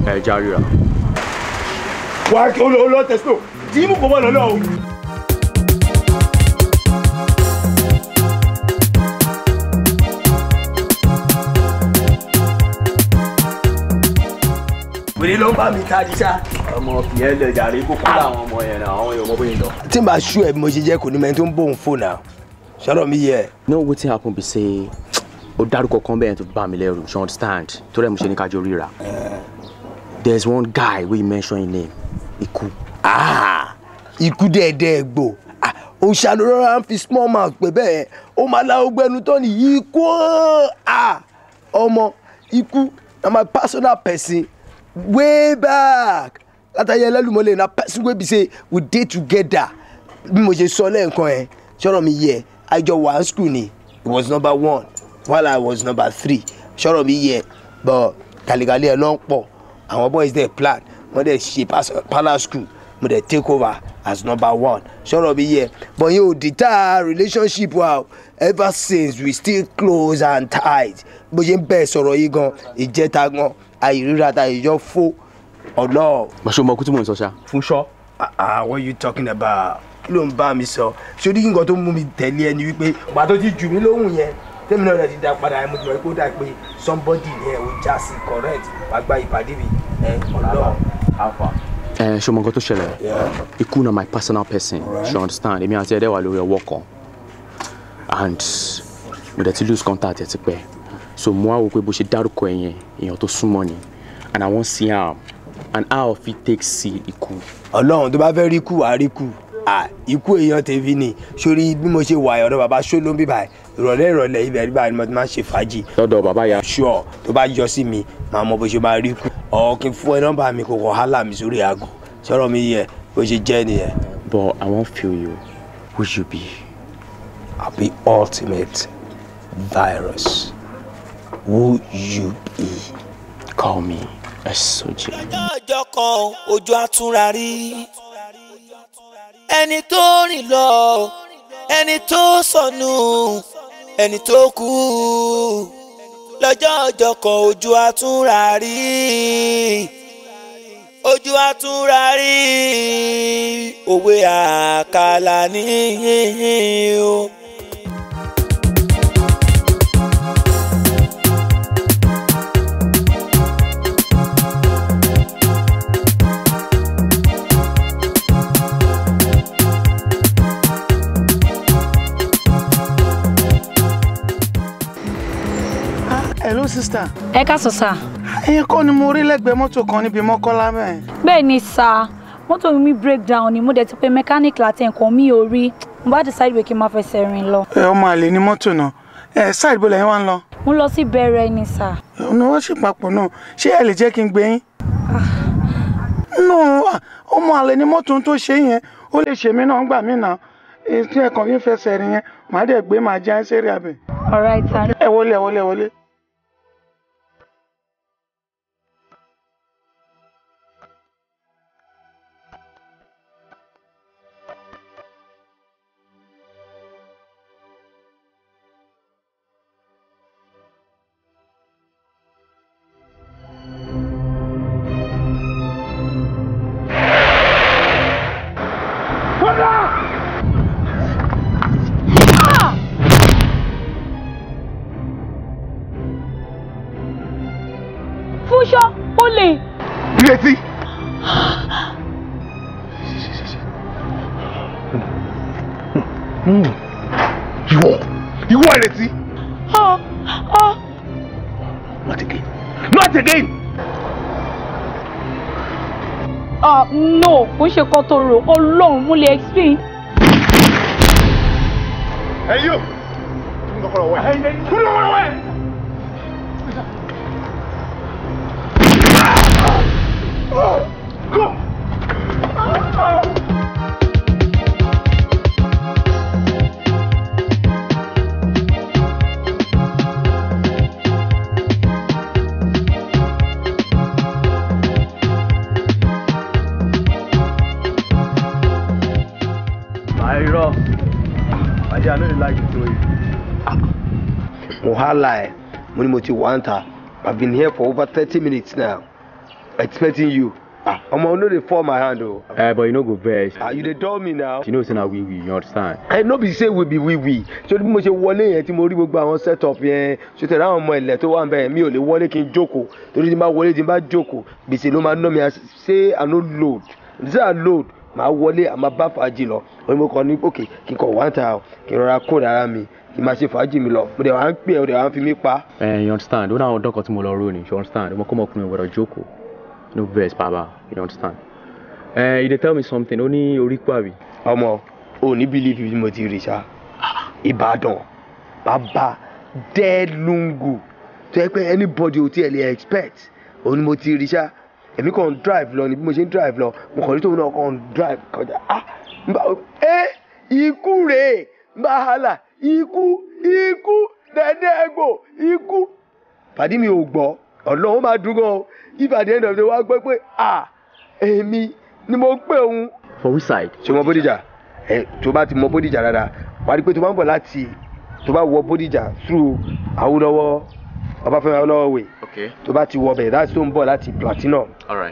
Ẹ já ríra. Wà á kí olóòlò tẹ̀sítò. Tí mú kò mọ̀ lọ́lọ́ o. Wèrè ló ń bá mi ta àdìsá ọmọ fìyẹn lẹ jàre kó kọ́ làwọn ọmọ yẹn náà àwọn yòókù bóyá lọ. tí n ṣú ẹ mo ṣe jẹ kò ní mẹni tó ń bóun fò náà ṣọlọ mi yẹ. no wetin happen be say o dárúkọ kan bẹ́ẹ̀ tó bá mi lẹ́rù you understand tó rẹ̀ mo ṣe ní kájọ ríra there is one guy wey you mention him name Iku. ikú ah! dẹ́ẹ̀dẹ́ẹ̀ gbò òṣàlù ah! rọra ń fi small mouth pé bẹ́ẹ̀ ó máa láwọ́ gbẹnu tó ní ikú ah! ọmọ ikú na my personal person way back látàrí ẹlẹ́lùmọ́lẹ̀ na person wey be say we dey together bí mo ṣe sọ lẹ́ẹ̀kan ẹ̀ ṣọ́rọ̀ mi yẹ àjọ wà school ni it was number one while i was number three ṣọ́rọ̀ mi yẹ but kàlíkàlí ẹ̀ ló ń pọ̀ àwọn boys dey plan wọ́n dey ṣe palace school mo dey take over as number one ṣọ́rọ̀ mi yẹ but yóò dìtà relationship wa wow. ever since we still close and tight bó ṣe ń bẹ̀ sọ̀rọ̀ yìí gan ìjẹta gan àìríra ta ìjọ fó ọlọ. màṣọ mọ kútùmọ̀ sọ ṣá. fún sọ. ah what you talking about kí ló ń bá mi sọ ṣé orí nǹkan tó mú mi tẹ̀lé ẹni wípé pàtó ti jù mí lóhùn yẹn tẹ́mi náà rẹ̀ ti da padà ẹ̀ mo ti mọ̀ pé ó dà pé somebody ni ẹ̀ ò já sí correct àgbà ìpàdé mi ẹ̀ ọlọ. ẹ ṣe mọ nǹkan tó ṣẹlẹ̀ ikú na my personal person right. you understand èmi àti ẹ̀dẹ̀ wà lórí ọwọ́ kan and mo dẹ̀ ti lose contact ẹ̀ ti pẹ́ so mo wá wò pé bó ṣe dárúkọ ẹ̀yẹn èèyàn tó súnmọ́ ni and I wan see am and how fi take see ikú. ọlọ́run tó bá fẹ́ rí kú àá rí kú ikú èèyàn tèmi ni sórí bí mo ṣe wà ọ̀dọ̀ bàbá ṣó ló ń bíbà ìrọ̀lẹ́ ìrọ̀lẹ́ ibẹ̀ ni mo ti máa ń ṣe fàájì. lọ́dọ̀ bàbá ya. sure tó bá yọ sí mi màá mọ bó ṣe máa rí kú. ọ̀ọ́kì fún ẹ nọ́mbà mi kò kọ̀ hálà mi sórí aago sọ̀rọ̀ mi yẹ bó ṣe jẹ́ nìyẹn. but I wan feel you who you be. I be ultimate virus who you be call me ẹ sọjí. lọ́jọ́ ọjọ́ kan ojú àtúnra rí ẹni tó rìn lọ ẹni tó sọnù ẹni tó kú lọ́jọ́ ọjọ́ kan ojú àtúnra rí ojú àtúnra rí òwe àkàlà nìyí o. hello sister. ẹ káàsán sá. ẹyin kọ́ ni mo rí lẹ́gbẹ̀ẹ́ mọ́tò kan níbi mọ́kọ́lá bẹ́ẹ̀. bẹ́ẹ̀ ni sá mọ́tò mi break down ni mo dẹ̀ ti pe mechanic láti nǹkan mi ò rí mo bá decide pé kí n máa fẹsẹ̀ rìn lọ. ẹ ọmọ àlè ni mọ́tò náà ẹ side bó lẹ́yìn wá ń lọ. mo lọ sí bẹ̀rẹ̀ ni sá. ọ̀nà wọ́n ṣì papọ̀ náà ṣé ẹ lè jẹ́ kí n gbé yín. Ah. nù ah, ọmọ àlè ni mọ́tò tó ṣe yẹn ó lè ṣèmí náà gbà mí náà ètò ẹ̀kọ́ mi fẹsẹ̀ rìn yẹn màá dẹ̀ gbé màá jẹ́ ẹ́ sẹ́rí abẹ. ọ̀rẹ́ ẹ wọlé ẹ wọlé ẹ wọlé. fúnṣọ́ olè. ìrètí. Hmm. ìwọ ìwọ ìrètí. ọ ọ. not again not again. Uh, no kò ṣe kan tó rò ọlọ́run mo lè explain. ẹ̀yin o kí n kọ́kọ́rọ́ wẹ̀. ẹ̀yin kí n kọ́kọ́rọ́ wẹ̀. Wahala, mo ní mo it. wá ń ta. I've been here for over 30 minutes now. expecting you. Ah, omo no dey fall my hand o. Eh, but you no go vex. Ah, you dey tell me now. You know say na we we, you understand? I eh, no be say we be we we. So bí mo ṣe wọlé yẹn tí mo rí gbogbo àwọn set up yẹn, so tẹ̀lé àwọn ọmọ ilẹ̀ tó wà ń bẹ̀ mi ò lè wọlé kí n jókòó. Torí tí n bá wọlé tí n bá jókòó, gbèsè ló máa ná I no load? Ṣé I load? Màá wọlé àmà bá fàájì lọ. Orí mo kọ ní okay. kí n kọ̀ wá ń ta o, kí n rọra kó rárá mi kì máa ṣe fàájì mi lọ mo dẹ̀ wá ń pè ọ́ dẹ̀ wá ń fi mí pa. ẹ eh, you understand ó náà ọdọ́ kan tí mo lọ rò ní you understand ọmọkùnrin ọ̀gbọ̀dọ̀ jókòó no verse, baba you understand. ẹ eh, you dey tell me something ó ní orí pàwí. believe you mo ti rí sa ìbàdàn dead lungu To yẹ anybody ò tiẹ̀ lè expect òun ni mo ti rí èmi kàn ń drive lọ ni bí mo ṣe ń drive lọ mo kàn rí tóun náà kàn ń drive kọjá ah ẹ ikú rèé mahala ikú ikú dẹdẹgbò ikú. pàdé mi ò gbọ́ ọ̀nà ó máa dùn if at the end of the day wá pé ah èmi ni mo pè òun. for which side. ṣé wọn bódìjà ẹ tó bá ti mọ bódìjà rárá wà á rí i pé tó bá ń bọ̀ láti tó bá wọ bódìjà through Awólọ́wọ̀ Ọbáfẹ́mi Awólọ́wọ̀ way tó bá ti wọ bẹ̀ that's tó ń bọ̀ láti platinum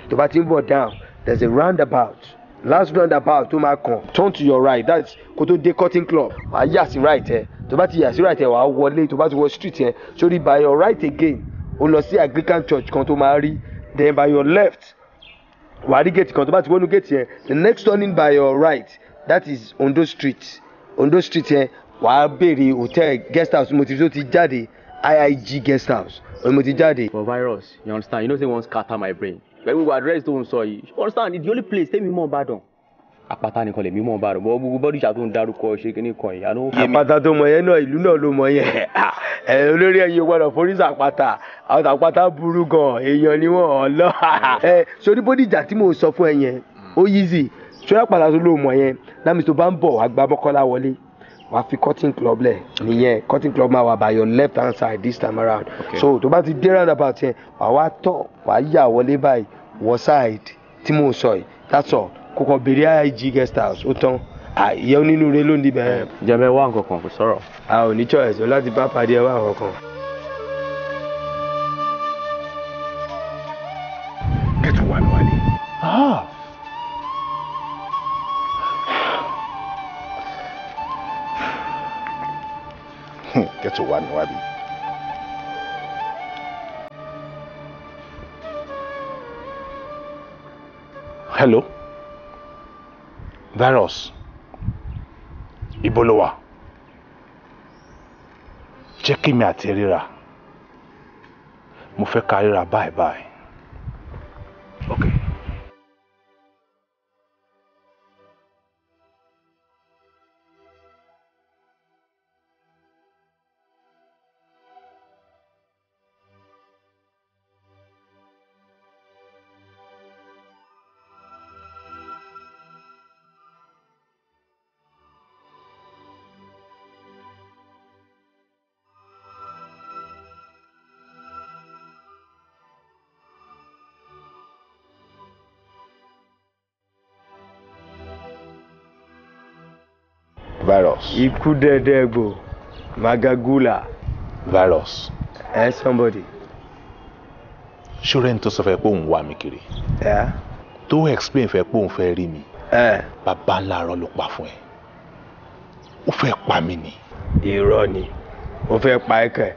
tó bá ti ń bọ̀ down there's a roundabout last roundabout tó máa kàn turn to your right that's kó tó dé cutting club wà á yà sí right ẹ tó bá ti yà sí right ẹ wà á wọlé tó bá ti wọ street ẹ sórí by your right again ó lọ sí Anglican church kan tó máa rí then by your left wàá rí gate kan tó bá ti wọnú gate yẹn the next turning by your right that is Ondo Street Ondo Street yẹn wàá béèrè hotel guest house mo ti tó ti jáde IIG guest house mo ti jáde. for virus you understand you know say one scatter my brain but we go address those ones so you understand it's the only place tell me more Ibadan apata nìkan lèmi mọ̀ bá rẹ̀ bọ́ gbogbo bọ́díṣà tó ń darúkọ ṣe kíní kan ìyá ló ń fà mí. àpáta tó mọ yẹn náà ìlú náà ló mọ yẹn ah, olórí ẹ̀yin gbọ́dọ̀ forí sàpáta àwọn àpáta burú gan èèyàn ni wọ́n ọ̀lọ́ sórí bọ́díjà tí mò ń sọ fún ẹ yẹn ó yízì sórí àpáta tó ló mọ yẹn lámì tó bá ń bọ̀ wá gba mọ́kànlá wọlé wà á fi cotton club lẹ̀ nìyẹn cotton club máa wà by your left hand side this time around so tó bá ti dé round about yẹn wà wá tọ̀ wà á yà wọlé báyìí wọ side tí mò ń sọ yìí that's all kọ́kọ́ bèrè IG guest house ó tán ìyẹn onínú rẹ ló ń dibẹ̀ yẹn. jẹ́bẹ̀ wá nǹkan kan kò sọ̀rọ̀. a ò ní choice o láti bá pàdé ẹ wá nǹkan kan. ẹ tún wà mí wálé. Ah! Hmm, ẹ tún wà mí wálé. hello. Varos, Ibolowa, ló wà jẹ́ kí mi àti ríra mo fẹ́ ká ríra báyìí báyìí. Ikudedegbo Magagula. Virus. Ẹ hey, somebody. Ṣúrẹ́ni tó sọ fẹ́ pé òun wá mi kiri. Tó explain fẹ́ pé òun fẹ́ rí mi. Bàbá ńlá arọ ló pa fún ẹ. Ó fẹ́ pa mí ni. Irọ́ ni, ó fẹ́ pa ẹ kẹ̀.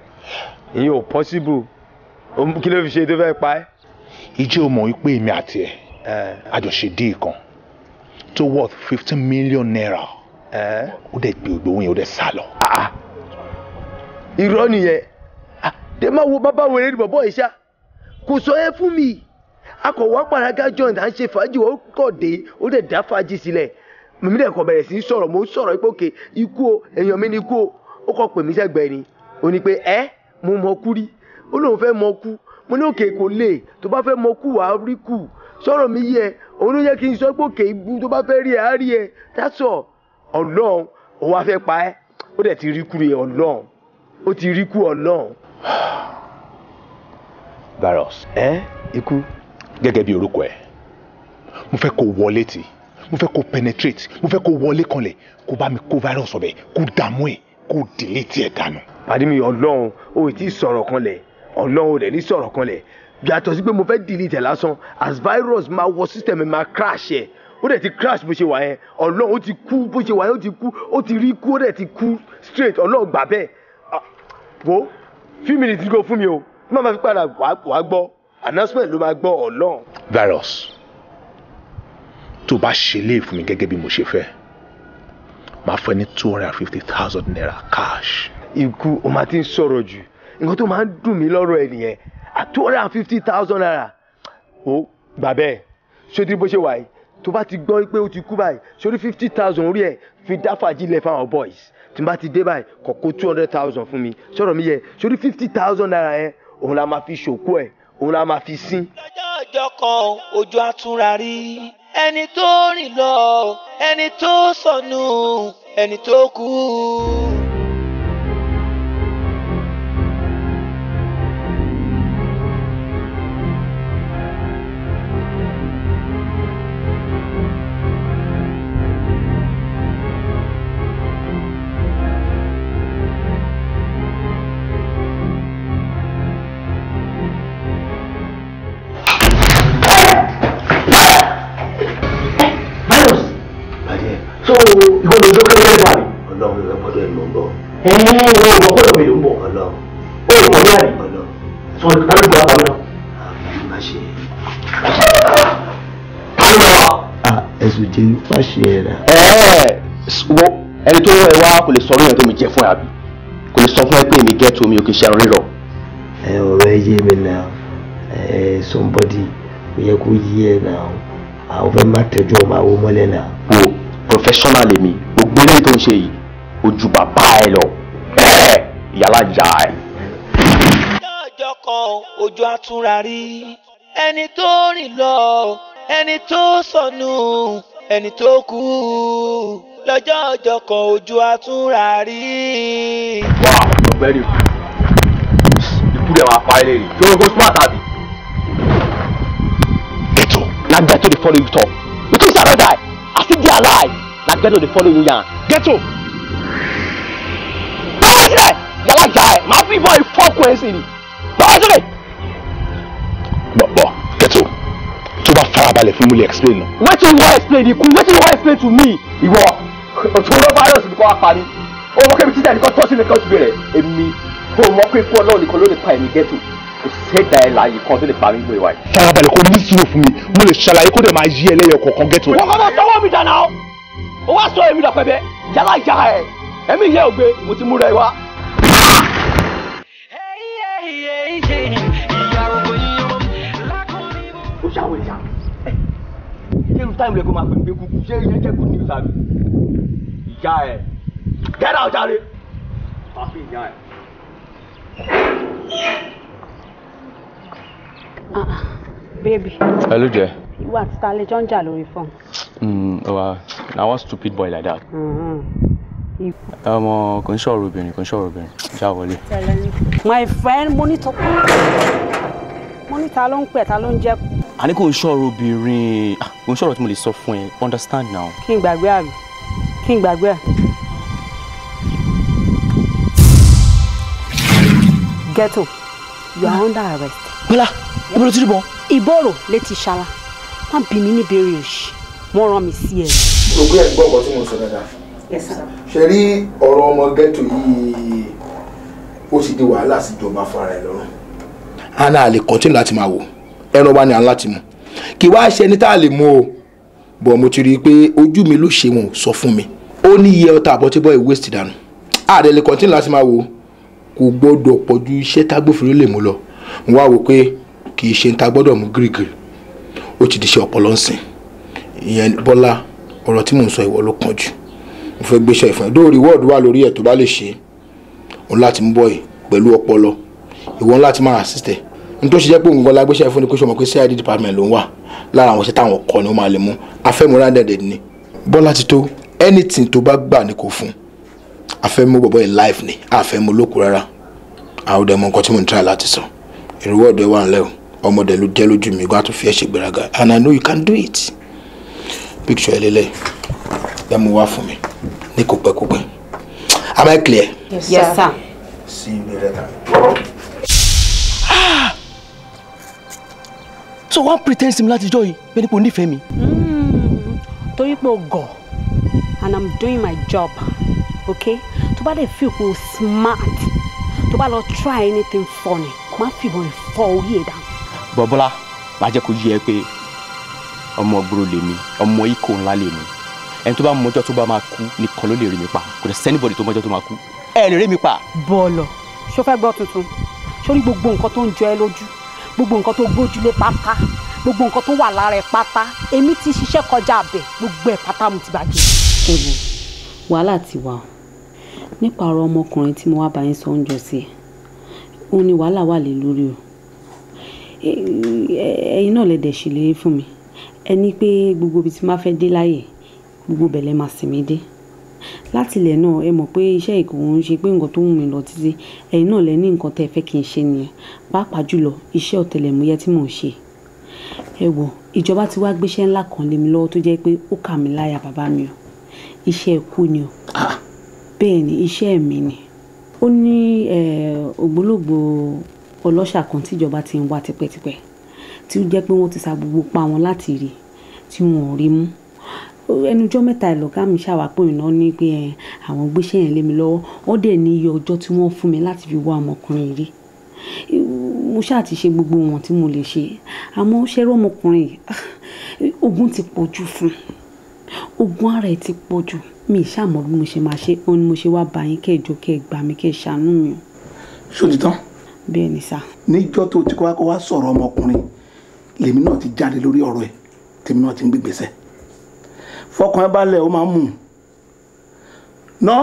Ìyẹn ò possible. Kí ló fi ṣe tó fẹ́ pa ẹ? Ìjẹ́ o mọ̀ wípé èmi àti ẹ̀ àjọṣe díì kan To worth fifteen million naira. ó dẹ̀ gbé ògbó yẹn ó dẹ̀ ah lọ. Ah. irọ́ nìyẹn ah, dé máa wo bàbá wẹ̀rẹ̀ ní bọ̀bọ̀ ìṣá kò sọ ẹ́ fún mi akọ̀wá paraga john à ń ṣe fàájì ó kọ̀ dé ó dẹ̀ dá fàájì sílẹ̀ mímí dẹ̀ kọ̀ bẹ̀rẹ̀ si í sọ̀rọ̀ mo sọ̀rọ̀ pé ikú o èèyàn o kọ̀ ni pé mo mọ ọlọ́run òun wá fẹ́ pa ẹ́ ó dẹ̀ ti rí kú rẹ̀ ọlọ́run ó ti rí kú ọlọ́run. Barros ẹ ikú gẹ́gẹ́ bí orúkọ ẹ̀ mo fẹ́ kó wọlé tì mo fẹ́ kó penetrate mo fẹ́ kó wọlé kanlẹ̀ kó bá mi kó virus ọbẹ̀ kó dààmú ẹ̀ kó delete ẹ̀ dànù. pàdé mi ọlọ́run o ì tí ì sọ̀rọ̀ kanlẹ̀ ọlọ́run ò dẹ̀ ní sọ̀rọ̀ kanlẹ̀ yàtọ̀ sí pé mo fẹ́ delete ẹ̀ lásán as virus máa wọ system máa crash ẹ̀ ó dẹ̀ ti crash bó ṣe wà yẹn ọlọ́run ó ti kú bó ṣe wà yẹn ó ti kú ó ti rí kú ó dẹ̀ ti kú straight ọlọ́run gbà bẹ́ẹ̀ ah, wo few minutes go fún mi o má máa fi padà wàá gbọ́ announcement ló máa gbọ́ ọlọ́run. virus tó bá ṣe lé fún mi gẹ́gẹ́ bí mo ṣe fẹ́ máa fẹ́ ní two hundred and fifty thousand naira cash. ikú o máa ti ń sọ̀rọ̀ jù nǹkan tó máa ń dùn mí lọ́rọ̀ ẹ̀ nìyẹn two hundred and fifty thousand naira O gbà bẹ́ẹ̀ ṣé tí bó ṣe wà yìí tó bá ti gbọ́ pé ó ti kú báyìí sórí fifty thousand orí ẹ̀ fi dáfàjì fáwọn boys tí bá ti dé báyìí kọ̀kọ́ two hundred thousand fún mi sọ̀rọ̀ mi yẹ sórí fifty thousand naira yẹn òun la máa fi ṣòkú ẹ̀ òun la máa fi sin. lọ́jọ́ ọjọ́ kan ojú àtúnra rí ẹni tó rìn lọ ẹni tó sọnù ẹni tó kú. fàṣẹrà. ẹ ẹ wo ẹni tó rán ẹ wá kò lè sọ lóyún ẹ pé mi jẹ fún ẹ àbí kò lè sọ fún ẹ pé mi gẹ tó mi ò kì í ṣe àrùn rírọ. ẹ ọ̀rọ̀ ẹ yé mi náà ẹ somebody ó yẹ kó yí ẹ náà àwọn fẹ́ má tẹjú ọmọ àwọn ọmọlẹ́ náà. wo professional èmi ògbó lẹ́yìn tó ń ṣe yìí ojú bàbá ẹ lọ yàrá yà ẹ. lọ́jọ́ kan ojú àtúnra rí ẹni tó rìn lọ ẹni tó sọnù ẹni tó kú lọ́jọ́ ọjọ́ kan ojú àtúnra rí. wà á ọ̀gbẹ́ni ikú rẹ̀ máa pa ẹ́ lẹ́yìn tí wọ́n kó smart àbí. ètò lágbàtò dey follow you talk you think say i no die i still dey alive lágbàtò dey follow you yan ghetto. bẹ́ẹ̀ sílẹ̀ yàrá ìjà ẹ̀ máa fi ìbọn ìfọ́kù ẹ̀ sí ni bẹ́ẹ̀ sílẹ̀. bọ̀ bọ̀ tó bá farabalẹ̀ fún mi explain náà. wetin you wan explain ikun wetin you wan explain to me. ìwọ òtúnwó virus nìkan wá pa ni ó mọ kébí títà nìkan tọ́sí nìkan ti bẹ̀rẹ̀ èmi ó mọ pé ikú ọlọ́run nìkan ló lè pa èmi gẹ́tò kò sẹ́dá ẹ̀ láàyè kan tó lè pa mí gbé wa. farabalẹ̀ kò ní sùúrù fún mi mo lè ṣàlàyé kó dẹ̀ máa yí ẹlẹ́yọ kọ̀ọ̀kan gẹ́tò. wọ́n kọ́ bá tọwọ́ mi dànù ó wá sọ èmi dàpẹ́bẹ́ yàrá ìyá ẹ̀ ẹ̀mí ìyá ògbé mo ti time rẹ kó máa pè mí pé kúkú good news àbí ìyá get out jàre pàṣẹ ìyá ẹ̀. Ah, baby. hello dear. ìwà àti ta lè jọ ń jà lórí phone. Hmm, oh, uh, na one stupid boy like that. Mm-hmm ọmọ kò ń sọ̀rọ̀ obìnrin kò ń sọ̀rọ̀ my friend mo ní ta ló ń pè àní kò ń ṣọ̀rọ̀ obìnrin kò ń ṣọ̀rọ̀ tí mo lè sọ fún ẹ understand now. kí n gbàgbé àmì kí n gbàgbé àmì. ghetto you are ah. under arrest. bọ́lá ibo ló ti rí bọ́n. ìbọ̀rọ̀ létí ṣala má bí mi níbèrè òṣì wọ́n rán mi sí ẹ. gbogbo ẹ̀ gbọ́ ọ̀pọ̀ tí mo sọ dáadáa. ṣe rí ọ̀rọ̀ ọmọ ghetto yìí ó ti di wàhálà síjọba fara ẹ lọ́rùn. a náà lè kọ́tínú láti máa wò ẹran wa ni à ń láti mú kì wá ṣe ẹni tá a lè mú o bọ̀ mo ti rí i pé ojú mi ló ṣe wọn sọ fún mi ó ní iye ọta àbọ̀tíbọ̀ ìwé sì dànù àdẹ̀lẹ̀ kọ́ńtínì láti máa wo kò gbọ́dọ̀ pọ̀ ju iṣẹ́ tágbófinró lè mú lọ mo wá wò pé kì í ṣe ta gbọ́dọ̀ mú gírígírí ó ti di iṣẹ́ ọpọlọ ń sìn ìyẹn bọ́lá ọ̀rọ̀ tí mò ń sọ ìwọ ló kàn jù mo fẹ́ gbéṣẹ́ ìfọ̀n dóò reward wà lórí ẹ̀ tó bá lè ṣe òun láti mú bọ́ọ̀ì pẹ̀lú ọpọlọ ìwọ ńlá máa assist n ṣe jẹ́ pé òun gan fún ni kó ṣe pé CID department ló ń wà lára àwọn iṣẹ́ táwọn kọ ni ó máa lè mú afẹ́múra dẹ̀dẹ̀ ni bọ́lá ti tó anything tó bá gbà ni kò fún afẹ́mú bọ̀bọ̀ in life ni àfẹ́mú lókun rárá àwọn ọ̀dẹ̀ mọ nǹkan tí mò ń try láti sọ ìrúwọ́ ọ̀dẹ̀ wà ńlẹ̀ o ọmọdé ló jẹ́ lójú mi gbá tó fi ẹ̀ṣẹ̀ gbéraga and I know you can do it picture ẹ lélẹ̀ wá fún mi ní kò pẹ́ kò pẹ́ am I clear? yes sir. Yes, sir. see you later. so wọ́n pretend sí mi látijọ́ yìí bẹ́ẹ̀ ni kò nífẹ̀ẹ́ mi. Hmm, torí pé o gọ̀ and i'm doing my job okay tó bá dẹ̀ feel kò smart tó bá lọ try anything funny má fìbọn ìfọ orí ẹ̀ dànù. bọ́bọ́lá máa jẹ́ kó yé ẹ pé ọmọ gbòòrò lèmi ọmọ ikọ̀ ńlá lèmi ẹni tó bá mọjọ́ tó bá máa kú nìkan ló lè rí mi pa kò dẹ̀ sẹ́nibọ̀dì tó mọjọ́ tó máa kú ẹ lè rí mi pa. bọ́ọ̀lọ̀ ṣó fẹ́ gbọ́ tuntun sórí gbogbo nǹkan tó ń jọ ẹ lójú gbogbo nǹkan tó gbójú lé pátá gbogbo nǹkan tó wà lára ẹ pátá èmi ti ṣiṣẹ́ kọjá abẹ gbogbo ẹ pátá mo ti bàjẹ́. ẹ wàhálà ti wà nípa ọ̀rọ̀ ọmọkùnrin tí mo wá bá yín sọ ń sí òun ni wàhálà wà lé lórí o ẹ̀yin náà lè dẹ̀ ṣèlérí fún mi ẹ pé gbogbo ibi tí má fẹ́ dé láyè gbogbo bẹ̀lẹ̀ máa sì dé láti ilẹ̀ náà ẹ mọ̀ pé iṣẹ́ ìkó ń ṣe pé nǹkan tó wù mí lọ títí ẹ̀yin náà lẹ ní nǹkan tẹ́ ẹ fẹ́ kí n ṣe nìyẹn pàápàá jùlọ iṣẹ́ ọ̀tẹlẹ̀múyẹ́ tí mò ń ṣe ẹ wò ìjọba ti wá gbéṣẹ́ ńlá kan lé mi lọ́wọ́ tó jẹ́ pé ó kà mí láyà bàbá mi o iṣẹ́ ikú ni o ah. bẹ́ẹ̀ ni iṣẹ́ mi ni ó ní ògbólógbòó ọlọ́ṣà kan tíjọba ti ń wá tipẹ́tipẹ́ tí ó jẹ́ pé wọ́n ti sa gbogbo pa wọn láti rí tí wọn ò rí mú ẹnujọ́ mẹ́ta ìlọ́gá mi ṣàwápọ̀ iná ní pé àwọn gbéṣẹ́ yẹn lé mi lọ́wọ́ ó dẹ̀ ní iye ọjọ́ tí wọ́n fún mi láti fi wá ọmọkùnrin rí mo ṣáà ti ṣe gbogbo wọn tí mo lè ṣe àmọ́ ṣẹ́rọ ọmọkùnrin ogun ti pọ̀ jù fún ogun ara ẹ̀ ti pọ̀ jù mi ṣàmọ́ bí mo ṣe máa ṣe ó ní mo ṣe wá bá yín kẹjọ kẹ gbà mí kẹ ṣàánú mi. ṣòtí bẹ́ẹ̀ ni sá. níjọ́ tó ti kọ́ wá kó wá sọ̀rọ̀ ọmọkùnrin lèmi náà ti jáde lórí ọ̀rọ̀ ẹ̀ tèmi náà ti ń gbégbèsẹ̀ fọkàn ẹ balẹ̀ ó máa ń mú un ná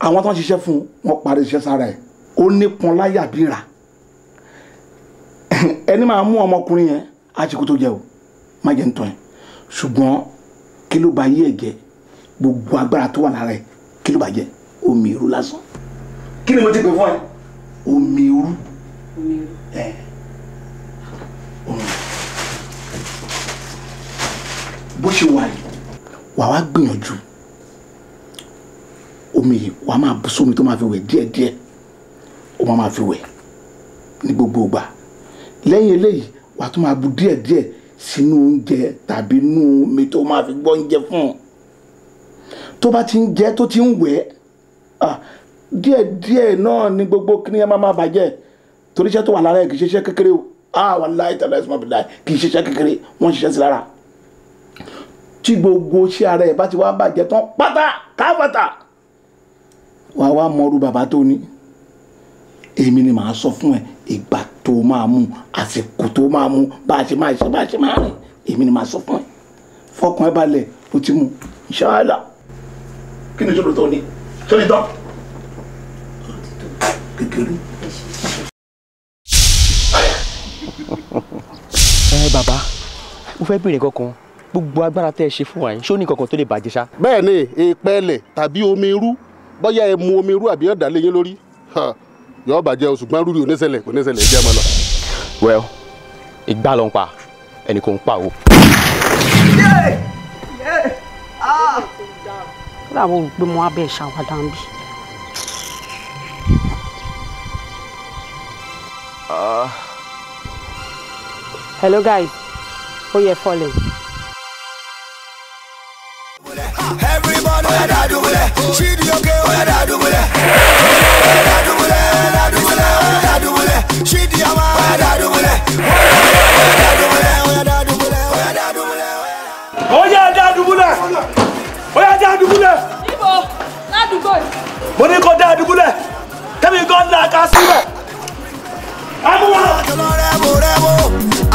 àwọn tó ń ṣiṣẹ́ fún wọn parí iṣẹ́ sára ẹ̀ ó nípọn láyà bíra ẹni máa mú ọmọkùnrin yẹn àsìkò tó jẹ o má jẹ ń tọ́ ẹ ṣùgbọ́n kí ló bá yí ẹ̀ jẹ gbogbo agbára tó wà lára ẹ̀ kí ló bá jẹ omi irú lásán kí ni mo ti pè fún ẹ omi irú ẹ omi bó ṣe wà yìí wà wá gbìyànjú omi yìí wà máa bu sómi tó máa fi wẹ̀ díẹ̀díẹ̀ ó máa máa fi wẹ̀ ní gbogbo ìgbà lẹ́yìn eléyìí wà á tún máa bu díẹ̀díẹ̀ sínú oúnjẹ tàbí inú omi tó máa fi gbọ́ oúnjẹ fún un tó bá ti ń jẹ tó ti ń wẹ̀ díẹ̀díẹ̀ náà ni gbogbo kíni ẹ máa máa bàjẹ́ torí iṣẹ́ tó wà lára ẹ̀ kì í ṣiṣẹ́ kékeré o ah wàláhì tàlẹ́ sọ́mọ́ bìláì kì í ṣiṣẹ́ kékeré wọ́n ṣiṣẹ́ sí lára tí gbogbo iṣẹ́ ara ẹ̀ bá ti wá bàjẹ́ tán pátá káfàtà wàá wá mọrú bàbá tó ní èmi ni màá sọ fún ẹ ìgbà tó máa mú àsìkò tó máa mú bá a ṣe máa ṣe bá a ṣe máa rìn èmi ni màá sọ fún ẹ fọkàn ẹ balẹ̀ o ti mú ṣáàlà kí ni ìṣòro tó ní tó ní tán kékeré. ẹ bàbá mo fẹ́ bèrè kankan gbogbo agbára tẹ́ ẹ ṣe fún wa yìí ṣó ní kankan tó lè bàjẹ́ ṣá. bẹ́ẹ̀ ni ìpẹ́ẹ̀lẹ̀ tàbí omi irú bóyá ẹ mu omi irú àbí ọ̀dà lé yín lórí yóò bàjẹ́ o ṣùgbọ́n rúri oníṣẹ̀lẹ̀ kò níṣẹ̀lẹ̀ jẹ́ ọmọ lọ. well ìgbà ló ń pa ẹnì kò ń pa o. Ah! kódà mo gbé mọ abẹ́ ìṣàwádà ń bì. hello guys ó yẹ fọlẹ̀. Everybody, oh, yeah, do it. She the okay, oh, yeah, do it. Do it, do it, do it. She the ama, oh, yeah, do it. Oh, yeah, do it. Oh, yeah, do it. Ibo, ládùúgbò. Mo ní kó dá dùbúlẹ̀. Kẹ́mi gan la ka síbẹ̀. Àbúrò.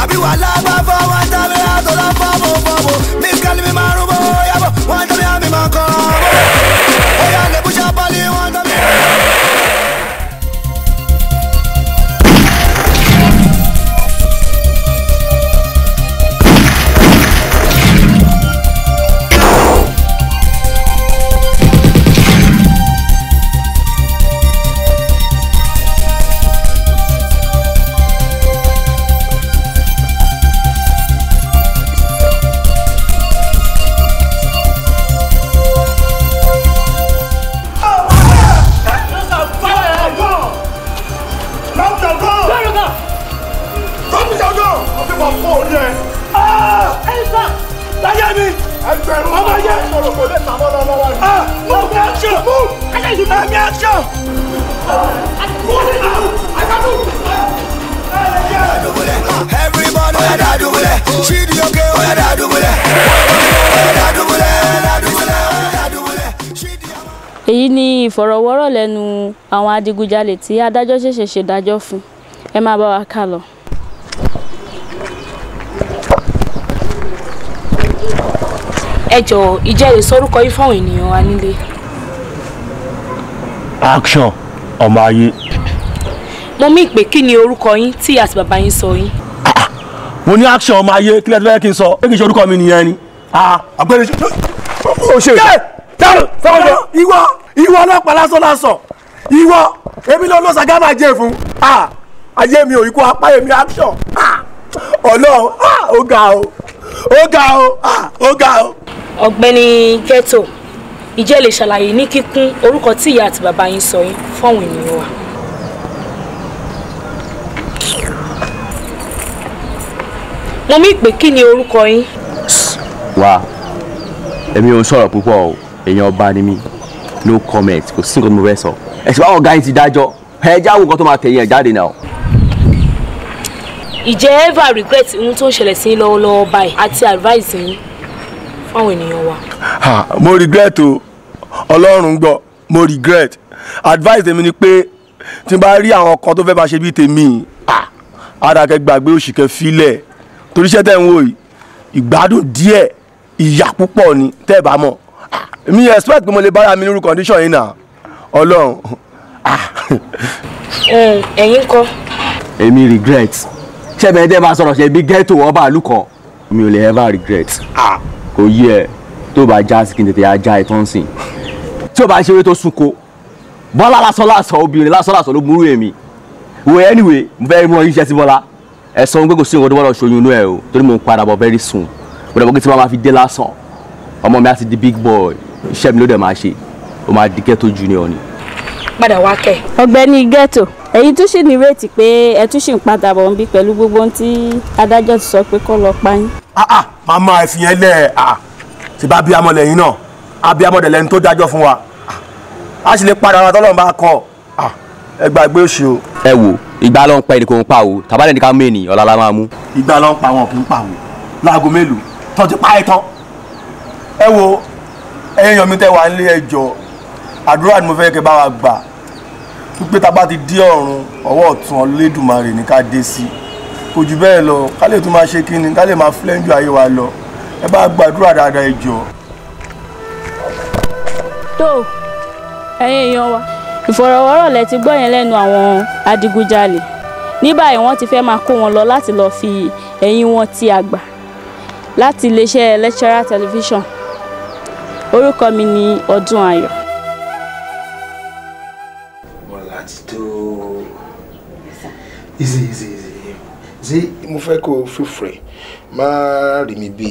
Àbí wàhálà bá fọwọ́. Come àwọn adigunjalè tí adájọ́ ṣẹ̀ṣẹ̀ ṣèdájọ́ fún ẹ máa bá wa kà lọ. ẹ jọ̀ọ́ ìjẹ́rìí sórúkọ yìí fáwọn ènìyàn wa nílé. action ọmọ ayé. mo mí ìpè kí ni orúkọ yín tí ìyá àti bàbá yín sọ yín. Ah, ah. mo ní action ọmọ ayé kílẹ̀ tó fẹ́ kí n sọ pé kì í ṣe orúkọ mi nìyẹn ni. Ah, àgbẹ̀rẹ̀ ṣe. o ṣe. dáàrú sọ́kọ̀jọ́ ìwọ ìwọ ọlọ́pàá lásán lásán ìwọ èmi ló ló sagama jẹ fún ayé mi ò ikú apá èmi action ọlọ́run ó ga o ó ga o ó ga o. ọ̀gbẹ́ni ghetto ìjẹ́ lè ṣàlàyé ní kíkún orúkọ tí ìyá àti bàbá yín sọ yín fọ́wọ̀n ènìyàn wa. mo mí pé kí ni orúkọ yín. wá èmi ò sọ̀rọ̀ púpọ̀ o èèyàn ọba ni mí no comment kò sí nǹkan mo fẹ́ sọ. So ẹ̀sìn báwọn ọ̀gá yín ti dájọ́ ẹ jẹ́ àwọn nǹkan tó máa tẹ̀yìn ẹ̀ jáde náà. ìjẹ́ ever regret ohun tó ń ṣẹlẹ̀ sí lọ́wọ́lọ́wọ́ báyìí àti advice yín fáwọn ènìyàn wa. mo regret o ọlọ́run gbọ́ mo regret advice tèmi ni pé tí n bá rí àwọn ọkọ tó fẹ́ bá ṣe bíi tèmi àdàkẹ́ gbàgbé òṣìkẹ́ filẹ̀ torí iṣẹ́ tẹ̀ ń wò yìí ìgbádùn díẹ̀ ìyà púpọ̀ ni tẹ́ ẹ bá mọ̀ mi expect pé mo lè bára mi nírú condition yìí náà Ọlọ́run eh, ẹ̀yin kọ́. èmi regret ṣẹ́mi ẹ̀dẹ́ máa sọ̀rọ̀ ṣe bí ghetto ọba àlùkọ́ mi ò lè ever regret ah. kò yí ẹ tó bá já sí kí n tètè ajá ẹ tán sìn tí o bá ṣeré tó sunko bọ́lá lásán lásán obìnrin lásán lásán ló burú èmi wo anyway mo fẹ́ mú ọ yíṣẹ́ sí bọ́lá ẹ̀sán ohun gbégbó sí ìwọ́n tó bọ́lá ṣoyún inú ẹ̀ o torí mo ń padà bọ̀ very soon mo dẹ̀ mọ́ kí tí wọ́n máa fi dé lásán ọmọ mi á ti di big boy iṣẹ́ mi ló dẹ̀ máa ṣe ó máa di ghetto junior ni. padà wá kẹ. ọ̀gbẹ́ni ghetto èyí tún sì nírètí pé ẹ tún sì ń padà bọ̀ ń bí pẹ̀lú gbogbo ohun tí adájọ́ ti sọ pé kó lọ pa yín. màmá ah, ah, ẹ̀fìyàn lẹ̀ ah, ṣe bá abiyamọ lẹ́yìn náà abiyamọ dẹ̀ lẹ́ni tó dájọ́ fún wa a sì lè padà wọn tọ́lọ́run bá kọ́ ẹ gbàgbé òṣì o. ẹ wo ìgbà ló ń pa ẹnì kò ń pa o tàbá lẹ́ni ká mú ènìyàn ọ̀la la máa mú. ìgbà ló ń pa wọn kì í pa o láago mélòó tó pa ẹ tán ẹ wo ẹ̀yin yọ̀mí tẹ́ wà ń ẹjọ́ àdúrà ni mo fẹ́ kẹ́ bá wa gbà wípé tá a bá ti dé ọ̀run ọwọ́ ọ̀tún Olódùmarè ní ká dé sí kò jù bẹ́ẹ̀ lọ ká lè tún máa ṣe kí ni ká lè máa flẹ́ńjù ayé wa lọ ẹ bá gbàdúrà dáadáa ẹ tó ẹ̀yin èèyàn wa ìfọ̀rọ̀wọ́rọ̀ lẹ ti gbọ́ yẹn lẹ́nu àwọn adigunjalè ní báyìí wọ́n ti fẹ́ máa kó wọn lọ láti lọ́ọ́ fi ẹ̀yìn wọn ti àgbà láti iléeṣẹ́ lecturer television orúkọ mi ni Ọdún Ayọ̀. easy easy easy ṣé mo fẹ́ kó o fífrẹ̀ má rí mi bí